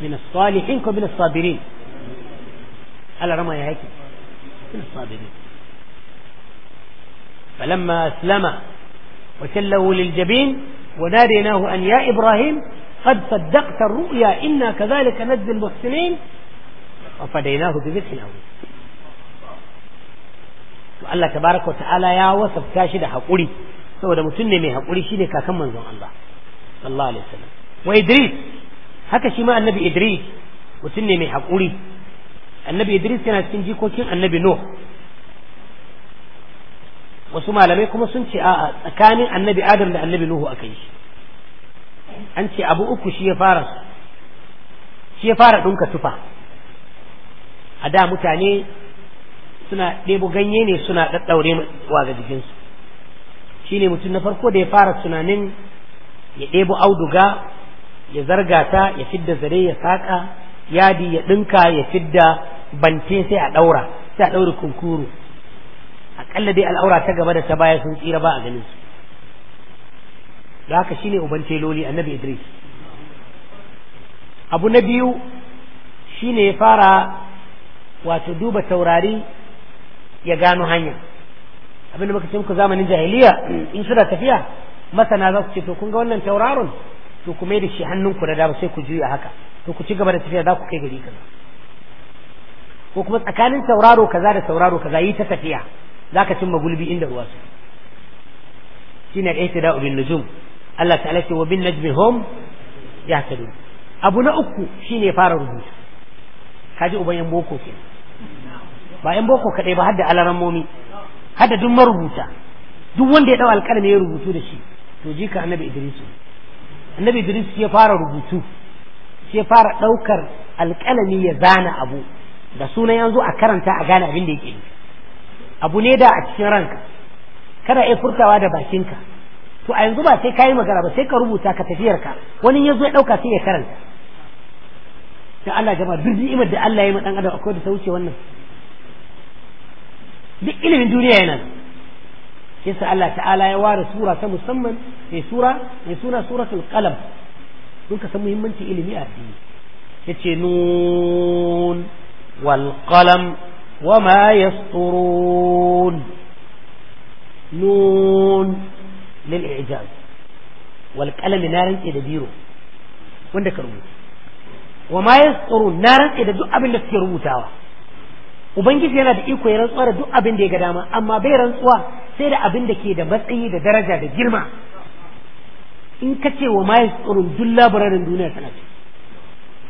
من الصالحين ومن الصابرين على رمى هيك من الصابرين فلما أسلم وسلوا للجبين وناديناه أن يا إبراهيم قد صدقت الرؤيا إنا كذلك نجزي المحسنين وفديناه بذبح عظيم وقال لك tabaraka وتعالى يا ya كاشد shi da haƙuri saboda mutum ne mai haƙuri shine sallallahu alaihi wasallam wa idris haka shi ma annabi idris mutum ne mai haƙuri annabi idris yana cikin jikokin annabi nuh wasu malamai kuma sun ce a tsakanin annabi adam da annabi nuhu akai yi an ce abu uku shi ya fara shi ya fara dunka tufa a da mutane suna ɗebo ganye ne suna ɗaɗɗaure wa ga jikinsu shi ne mutum na farko da ya fara tunanin ya ɗebo auduga ya zargata ya fidda zare ya saƙa yadi ya ɗinka ya fidda bante sai a ɗaura sai a ɗaura kunkuru aƙalla dai al'aura ta gaba da ta baya sun tsira ba a ganin su da haka shine uban teloli annabi idris abu na biyu shine ya fara wato duba taurari ya gano hanya abinda muka ce muku zamanin jahiliya in suna tafiya masana za su ce to kun ga wannan tauraron to ku mai da shi hannunku da dama sai ku juya haka to ku ci gaba da tafiya za ku kai gari kaza ko kuma tsakanin tauraro kaza da tauraro kaza yi ta tafiya za ka cimma gulbi inda ruwa su shi shine ɗaya ihtidau bin nujum Allah ta'ala ce wa bin najmi hum yahtadun abu na uku shi ne fara rubutu kaji uban yan boko ke ba yan boko kaɗai ba har da alaran momi har da duk marubuta duk wanda ya dau alƙalami ya rubutu da shi to jika annabi idris annabi idris ya fara rubutu ya fara ɗaukar alƙalami ya zana abu da sunan yanzu a karanta a gane abin da yake abu ne da a cikin ranka kada ya furtawa da bakinka to a yanzu ba sai ka yi magana ba sai ka rubuta ka tafiyarka wani yazo ya ɗauka sai ya karanta da Allah jama'a duk ni'imar da Allah ya yi ma dan adam akwai da ta wuce wannan duk ilimin duniya yana yasa Allah ta'ala ya ware sura ta musamman mai sura mai suna suratul qalam dun ka san muhimmanci ilimi a addini yace nun wal qalam wama yasturun nun lil i'jaz wal qalam na rike da biro wanda ka rubuta wa wama yasturun na rike da duk abin da suke rubutawa ubangiji yana da iko ya rantsuwa da duk abin da ya ga dama amma bai rantsuwa sai da abin da ke da matsayi da daraja da girma in ka ce wa mayar tsoron duk labararin duniya tana ce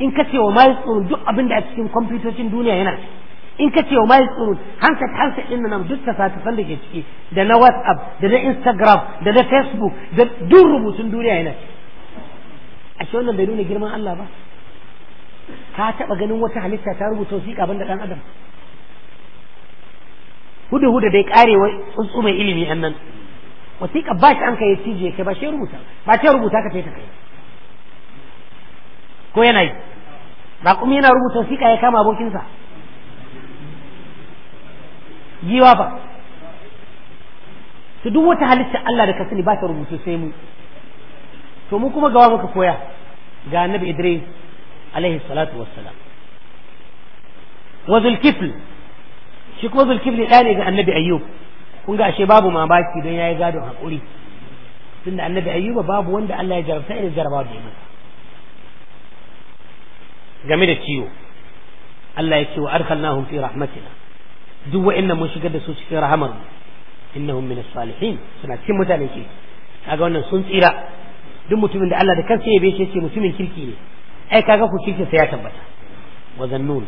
in ka ce wa mayar tsoron duk abin da a cikin kwamfutocin duniya yana ce in ka ce wa mayar tsoron hansa hansa ɗin nan duk ta sata san da ke ciki da na whatsapp da na instagram da na facebook da duk rubutun duniya yana ce a ce wannan bai nuna girman allah ba ka taɓa ganin wata halitta ta rubuta wasiƙa ban da ɗan adam hudu hudu dai karewa tsuntsu mai ilimi nan wasiƙa ba shi an kai cije kai ba shi rubuta ba shi rubuta ka ce ta kai ko yana yi raƙumi yana rubuta wasiƙa ya kama abokinsa giwa ba su duk wata halitta Allah da ka sani ba ta rubutu sai mu to mu kuma gawa muka koya ga annabi Idris alaihi salatu wassalam wa zulkifl shi kuma zulkifli ɗaya ne ga annabi ayyub kun ga ashe babu mamaki don ya yi gadon haƙuri tunda annabi ayyuba babu wanda Allah ya jarabta irin jaraba da masa game da ciwo Allah ya ce wa adkhalnahum fi rahmatina duk wa'annan mun shigar da su cikin rahamar mu innahum min salihin suna cikin mutane ke kaga wannan sun tsira duk mutumin da Allah da kansa ya shi ce mutumin kirki ne ai kaga ku kirki sai ya tabbata wa zannun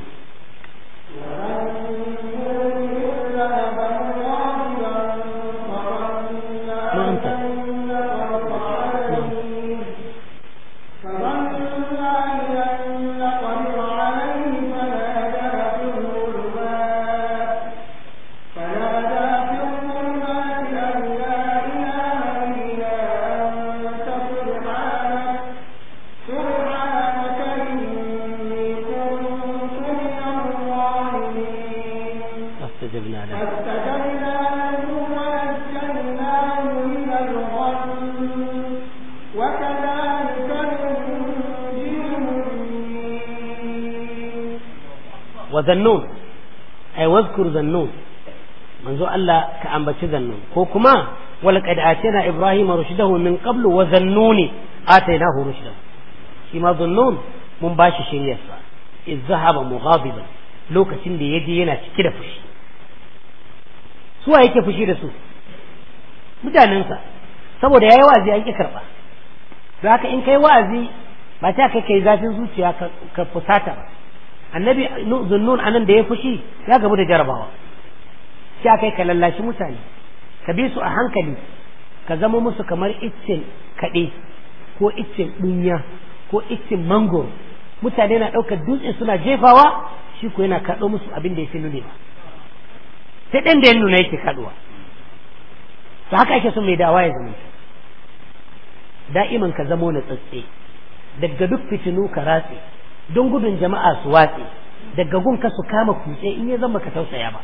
zannun ai wazkur zannun manzo Allah ka ambaci zannun ko kuma wal qad atina ibrahima rushdahu min qablu wa zannuni atainahu rushdahu shi ma zannun mun bashi shiryar sa iz zahaba mughadiban lokacin da yaji yana cike da fushi su wa yake fushi da su mutanensa saboda yayi wazi an ki karba don haka in kai wa'azi ba ta kai kai zafin zuciya ka fusata ba annabi zunnun anan da ya fushi ya gabu da jarabawa sai kai ka lallashi mutane ka bi su a hankali ka zama musu kamar iccen kaɗe ko iccen ɗunya ko iccen mangoro mutane na ɗaukar dutse suna jefawa shi ko yana kaɗo musu abin da ya fi nune ba sai ɗan da ya nuna yake kaɗuwa to haka ake son mai dawa ya zama da'iman ka zamo na tsatse daga duk fitinu ka ratse don gudun jama'a su watse daga gunka su kama kutse in ya zama ka tausaya ba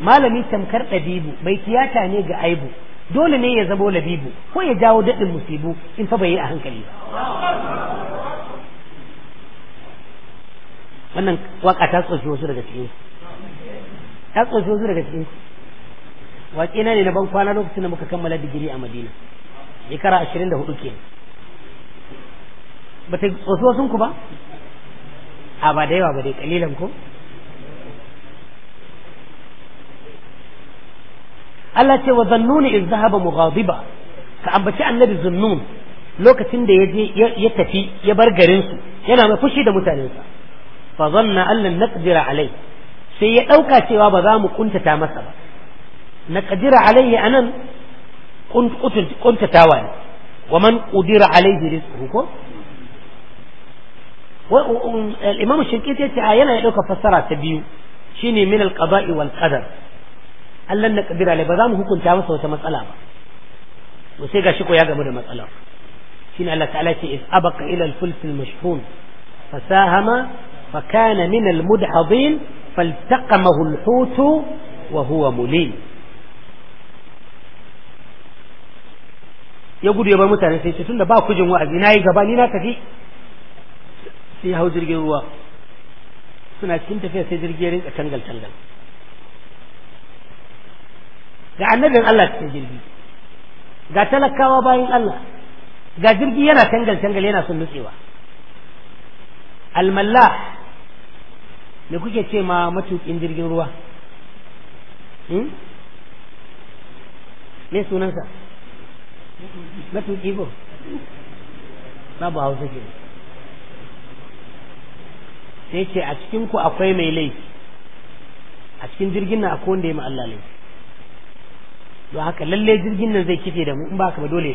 malami tamkar ɗabibu mai tiyata ne ga aibu dole ne ya zamo labibu ko ya jawo daɗin musibu in fa bai yi a hankali ba. wannan waka ta tsofi wasu daga cikin ta tsofi wasu daga cikin waƙe na ne na ban kwana lokacin da muka kammala digiri a madina shekara ashirin da hudu kenan ba ta tsofi ku ba a ba da yawa ba dai kalilan ko Allah ce wa zannuni iz zahaba mughadiba ka ambaci annabi zunnun lokacin da yaje ya tafi ya bar garin su yana mai fushi da mutanensa fa zanna an lan naqdira alai sai ya dauka cewa ba za mu kuntata masa ba naqdira alai anan ƙuntatawa ne wa man qudira alaihi rizquhu ko والإمام الشنكيت يتي عينا آية يلوك فسرة تبيو شيني من القضاء والقدر هل لن نقدر على بذامه كن تعمس وتمسألة وسيقى شكو ياغا من المسألة شين الله تعالى إذ أبق إلى الفلس المشحون فساهم فكان من المدحضين فالتقمه الحوت وهو مليم يقول يا بامتا نسيت تتون ده باكو جنوا أزي نايقا باني نا تفي sai hau jirgin ruwa suna cikin tafiya sai jirgin rinka tangal tangal ga annabin Allah cikin jirgi ga talakawa bayan Allah ga jirgi yana tangal tangal yana son nutsewa almalla me kuke ce ma matukin jirgin ruwa hmm? me sunansa matuki ko babu hausa ke sai ce a cikin ku akwai mai laifi a cikin jirgin nan akwai wanda ya ma Allah laifi don haka lalle jirgin nan zai kife da mu in ba ka ba dole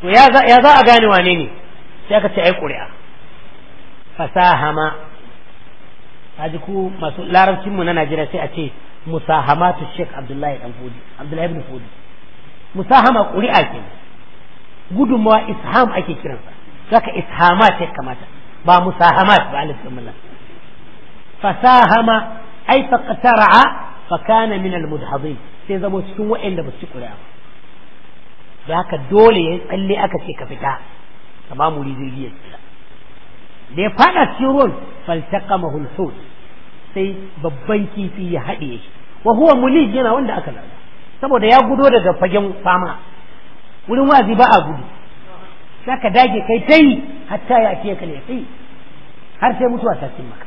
to ya za a gane wane ne sai aka ce ai ƙuri'a fasahama kaji ku masu larabcin mu na Najeriya sai a ce musahamatu Sheikh Abdullahi dan Fodi Abdullahi ibn Fodi musahama ƙuri'a kenan gudunmawa isham ake kiransa saka ishama ce kamata ba musahamat ba alif samala fasahama ai faqtara'a fa kana min almudhadin sai zamo cikin waɗanda ba su ƙuri'a ba da haka dole tsalle aka ce ka fita ka ba mu rizirgiyar da ya fada cikin ruwan faltaqamahu alhud sai babban kifi ya haɗiye shi wa huwa yana wanda aka lalata saboda ya gudo daga fagen fama wurin wazi ba a gudu za ka dage kai ta yi hatta ya fiye ka ne har sai mutuwa ta cin maka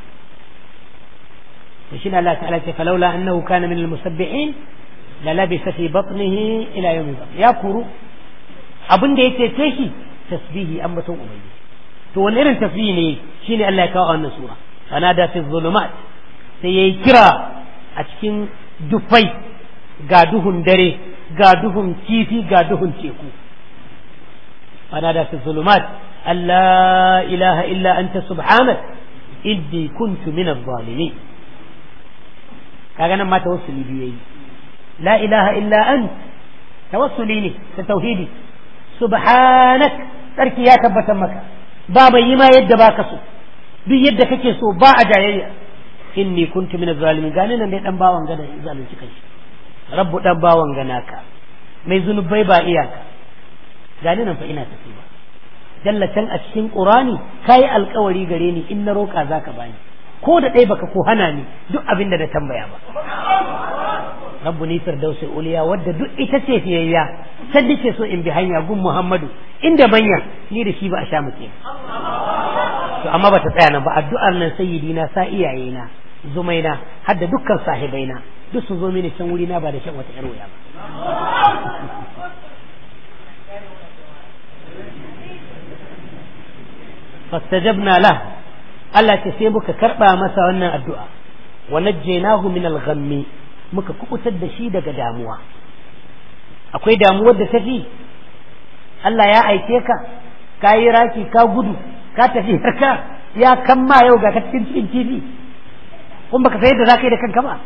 to shi Allah ta'ala ce falaula annahu kana min al-musabbihin la labisa fi batnihi ila yawm ya kuru abin da yake ce shi tasbihi an batun ubangiji to wani irin tasbihi ne shine Allah ya kawo wannan sura fanada fi zulumat sai yayi kira a cikin dufai ga duhun dare ga duhun kifi ga duhun teku فنادى في الظلمات أن لا إله إلا أنت سبحانك إني كنت من الظالمين كان ما توصل بيي لا إله إلا أنت توصلي لي توحيدي سبحانك تركي يا تبا تمك بابا يما يد باكسو بي يد كيسو باع جايا إني كنت من الظالمين قال لنا دي باوان قد ظالم كيش رب دنباوان غناك مي ذنوب باي با إياك gani nan fa ina tafiya can a cikin qur'ani kai alkawari gare ni in na roka zaka bani ko da dai baka ko hana ni duk abin da na tambaya ba rabbu ni firdausi uliya wadda duk ita ce fiyayya sai dace so in bi hanya gun muhammadu inda banya ni da shi ba a sha muke to amma bata tsaya nan ba addu'ar nan sayyidina sa iyayena zumaina har da dukkan sahibaina duk su zo mini can wuri na ba da shan wata yar waya ba fastajabna la Allah ce sai muka karɓa masa wannan addu'a wa najjaynahu min al-ghammi muka kubutar da shi daga damuwa akwai damuwar da tafi Allah ya aike ka ka yi raki ka gudu ka tafi harka ya kamma yau ga ka cikin cikin kifi kuma baka sai da zaka yi da kanka ba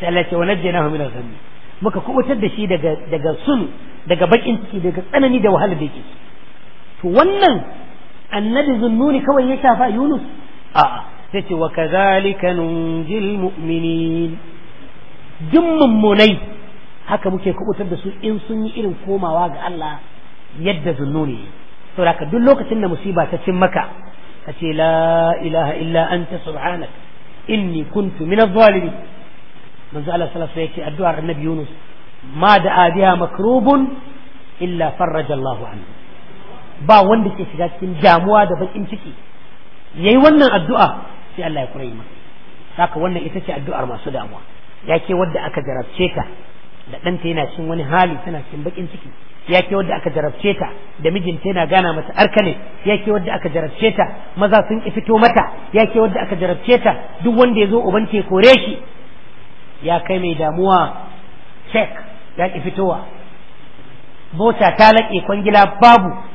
sai Allah ce wa najjaynahu min al-ghammi muka kubutar da shi daga daga sun daga bakin ciki daga tsanani da wahala da yake to wannan annabi zunnuni kawai ya shafa yunus a'a sai ce wa kadhalika nunjil mu'minin duk mummunai haka muke kubutar da su in sun yi irin komawa ga Allah yadda zunnuni saboda haka duk lokacin da musiba ta cin maka ka ce la ilaha illa anta subhanaka inni kuntu min adh-dhalimin manzo Allah sallallahu alaihi wasallam yake addu'ar annabi Yunus ma da abiya makrubun illa farraja Allahu anhu ba wanda ke shiga cikin damuwa da bakin ciki yayi wannan addu'a sai Allah ya kurai masa haka wannan ita ce addu'ar masu damuwa ya ke wadda aka jarabce ta da ɗanta yana cikin wani hali tana cikin bakin ciki ya ke wadda aka jarabce ta da mijinta yana gana mata arkane ya ke wadda aka jarabce ta maza sun ki fito mata ya ke wadda aka jarabce ta duk wanda ya zo uban ke kore shi ya kai mai damuwa cek ya ki fitowa mota ta laƙe kwangila babu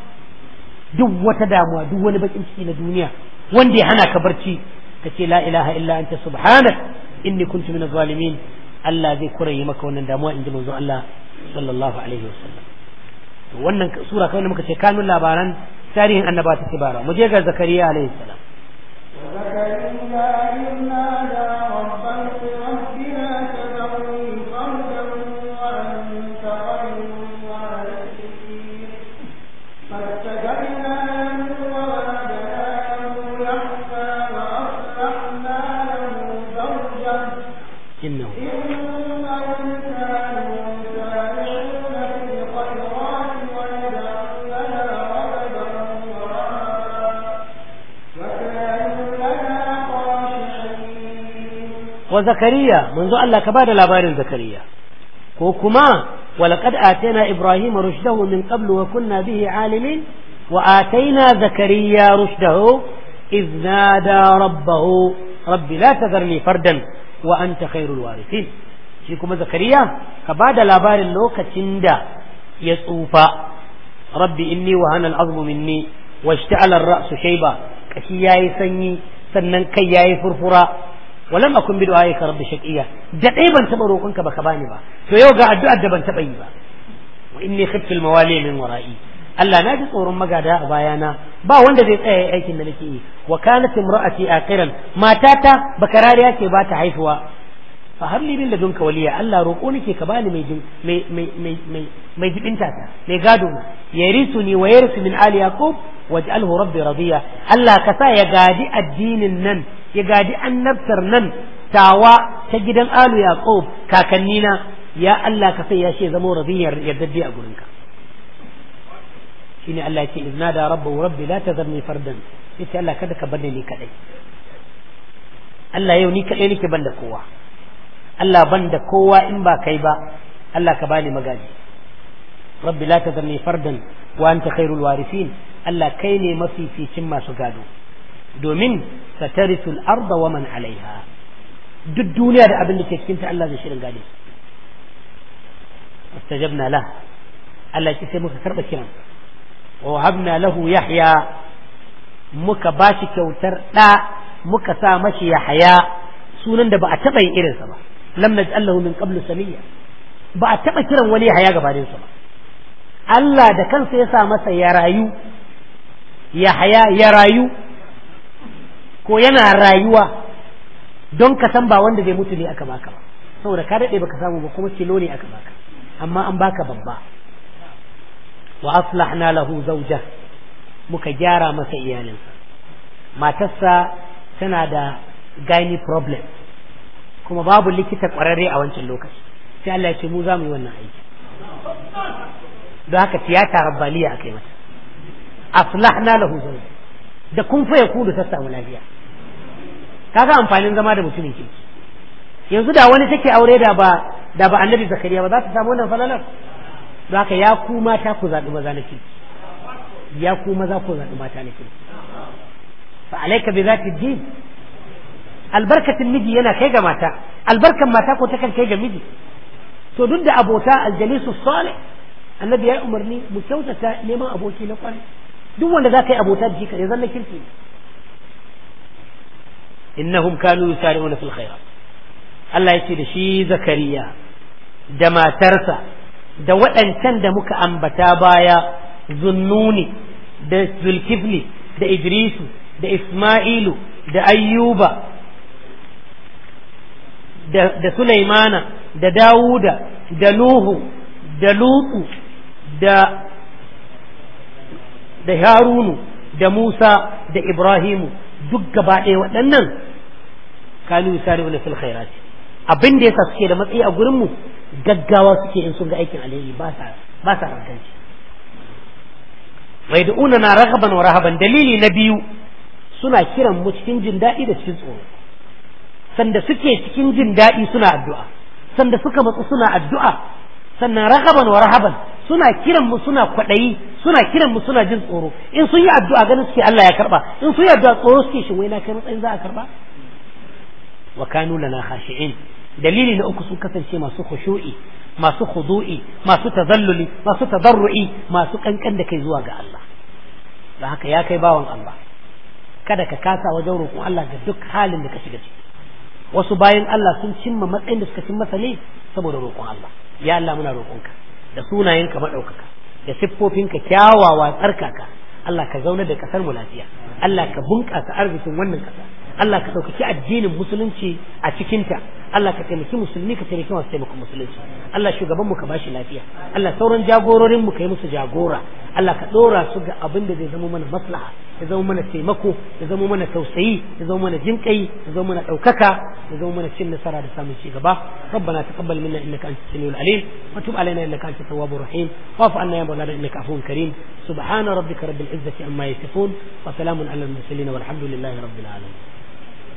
duk wata damuwa duk wani bakin ciki na duniya wanda ya hana ka barci ka ce la ilaha illa anta subhanak inni kuntu min zalimin Allah zai yi maka wannan damuwa inji manzo Allah sallallahu alaihi wasallam wannan sura kawai muka ce kanun labaran tarihin annaba ta bara mu je ga zakariya alaihi salam zakariya wa zakariya manzo Allah ka bada labarin zakariya ko kuma walaqad atayna ibrahima rushdahu min qablu wa kunna bihi alimin wa atayna zakariya rushdahu rabbi نادى ربه رب لا تذرني فردا وأنت خير الوارثين shi kuma zakariya ka ba da labarin lokacin da ya tsufa rabbi inni wa hana al'azmu minni wa shta'ala ar-ra'su shayba kashi yayi sanyi sannan kai yayi furfura walam akun bi du'aika rabbi shaqiya da dai ban taba roƙonka baka bani ba to yau ga addu'ar da ban taba yi ba wa inni khiftu al min wara'i Allah na ji tsoron magada a bayana ba wanda zai tsaya aikin da nake yi wa kanat imra'ati aqiran matata bakarariya ce ba ta haifuwa fa har libin da dunka waliya Allah roƙo nake ka bani mai mai mai mai mai jibinta ta mai gado na yarisuni wa yarisu min ali yaqub waj'alhu rabbi radiya Allah ka sa ya gadi addinin nan ya gadi annabtar nan tawa ta gidan alu yaqub kakannina ya Allah ka sai ya ce zamo radiyar yaddadi a gurinka shine Allah yake iznada da rabbu rabbi la tazarni fardan yace Allah kada ka bar ni kadai Allah yau ni kadai nake banda kowa Allah ban da kowa in ba kai ba Allah ka bani magaji rabbi la tazarni fardan wa anta khairul warisin Allah kai ne mafificin masu gado domin satarisul arda wa man alaiha duk duniya da abin da ke cikinta Allah zai shirin gade mustajabna la Allah ki sai muka karba kiran wa habna lahu yahya muka bashi kyautar da muka sa mashi yahya sunan da ba a taba yin irinsa ba lam naj'al lahu min qablu samiyya ba a taɓa kiran wani haya gabanin sa ba Allah da kansa ya sa masa ya rayu ya haya ya rayu ko yana rayuwa don ka san ba wanda zai mutu ne aka baka ba saboda ka daɗe baka samu ba kuma kilo ne aka baka amma an baka babba wa aslahna lahu zawja muka gyara masa iyalinsa matarsa tana da gani problem kuma babu likita kwararre a wancan lokaci sai Allah ya ce mu za mu yi wannan aiki don haka tiyata rabbaliya a kai mata aslahna lahu da kun fa yakulu ta samu lafiya kaga amfanin zama da mutumin kirki yanzu da wani take aure da ba da ba annabi zakariya ba za ta samu wannan falalar don haka ya ku mata ku zaɓi maza na kirki ya ku maza ku zaɓi mata na kirki fa alaika bi zati din albarkacin miji yana kai ga mata albarkan mata ko takan kai ga miji to duk da abota aljalisu salih annabi ya umarni mu kyautata neman aboki na duk wanda za ka yi abota da shi kare zan kirki innahum kanu yusari'una fil khairat Allah yace da shi Zakariya da matarsa da waɗancan da muka ambata baya zunnuni da zulkifli da idrisu da isma'ilu da ayyuba da Sulaimana da Dawuda da Nuhu da Lutu da da Harunu da Musa da Ibrahimu duk gaba ɗaya waɗannan kanu yusari wani fil khairat abin da yasa suke da matsayi a gurin mu gaggawa suke in sun ga aikin alheri ba sa ba sa ranganci mai da'una na rahaban wa rahaban dalili na biyu suna kiran mu cikin jin daɗi da cikin tsoro sanda suke cikin jin daɗi suna addu'a sanda suka matsu suna addu'a sannan rahaban wa rahaban suna kiran mu suna kwaɗayi suna kiran mu suna jin tsoro in sun yi addu'a ganin suke Allah ya karɓa in sun yi addu'a tsoro suke shi wai na kai matsayin za a karɓa. wa kanu lana khashi'in dalili na uku sun kasance masu khushu'i masu khudu'i masu tazalluli masu tazarru'i masu kankan da kai zuwa ga Allah da haka ya kai bawan Allah kada ka kasa wajen roƙon Allah ga duk halin da ka shiga ciki wasu bayan Allah sun cimma matsayin da suka cimma ne saboda roƙon Allah ya Allah muna roƙonka da sunayenka maɗaukaka da siffofinka kyawawa tsarkaka Allah ka zauna da ƙasar mu lafiya Allah ka bunƙasa arzikin wannan ƙasa Allah ka sauƙaƙi addinin musulunci a cikinta Allah ka taimaki musulmi ka taimaki masu taimakon musulunci Allah shugaban mu ka bashi lafiya Allah sauran jagororin mu ka yi musu jagora Allah ka ɗora su ga abin da zai zama mana maslaha ya zama mana taimako ya zama mana tausayi ya zama mana jinƙai ya zama mana ɗaukaka ya zama mana cin nasara da samun ci gaba ربنا تقبل منا انك انت السميع العليم وتب علينا انك انت التواب Wa واعف عنا يا مولانا انك عفو كريم سبحان ربك رب العزه عما يصفون وسلام على المرسلين والحمد لله رب العالمين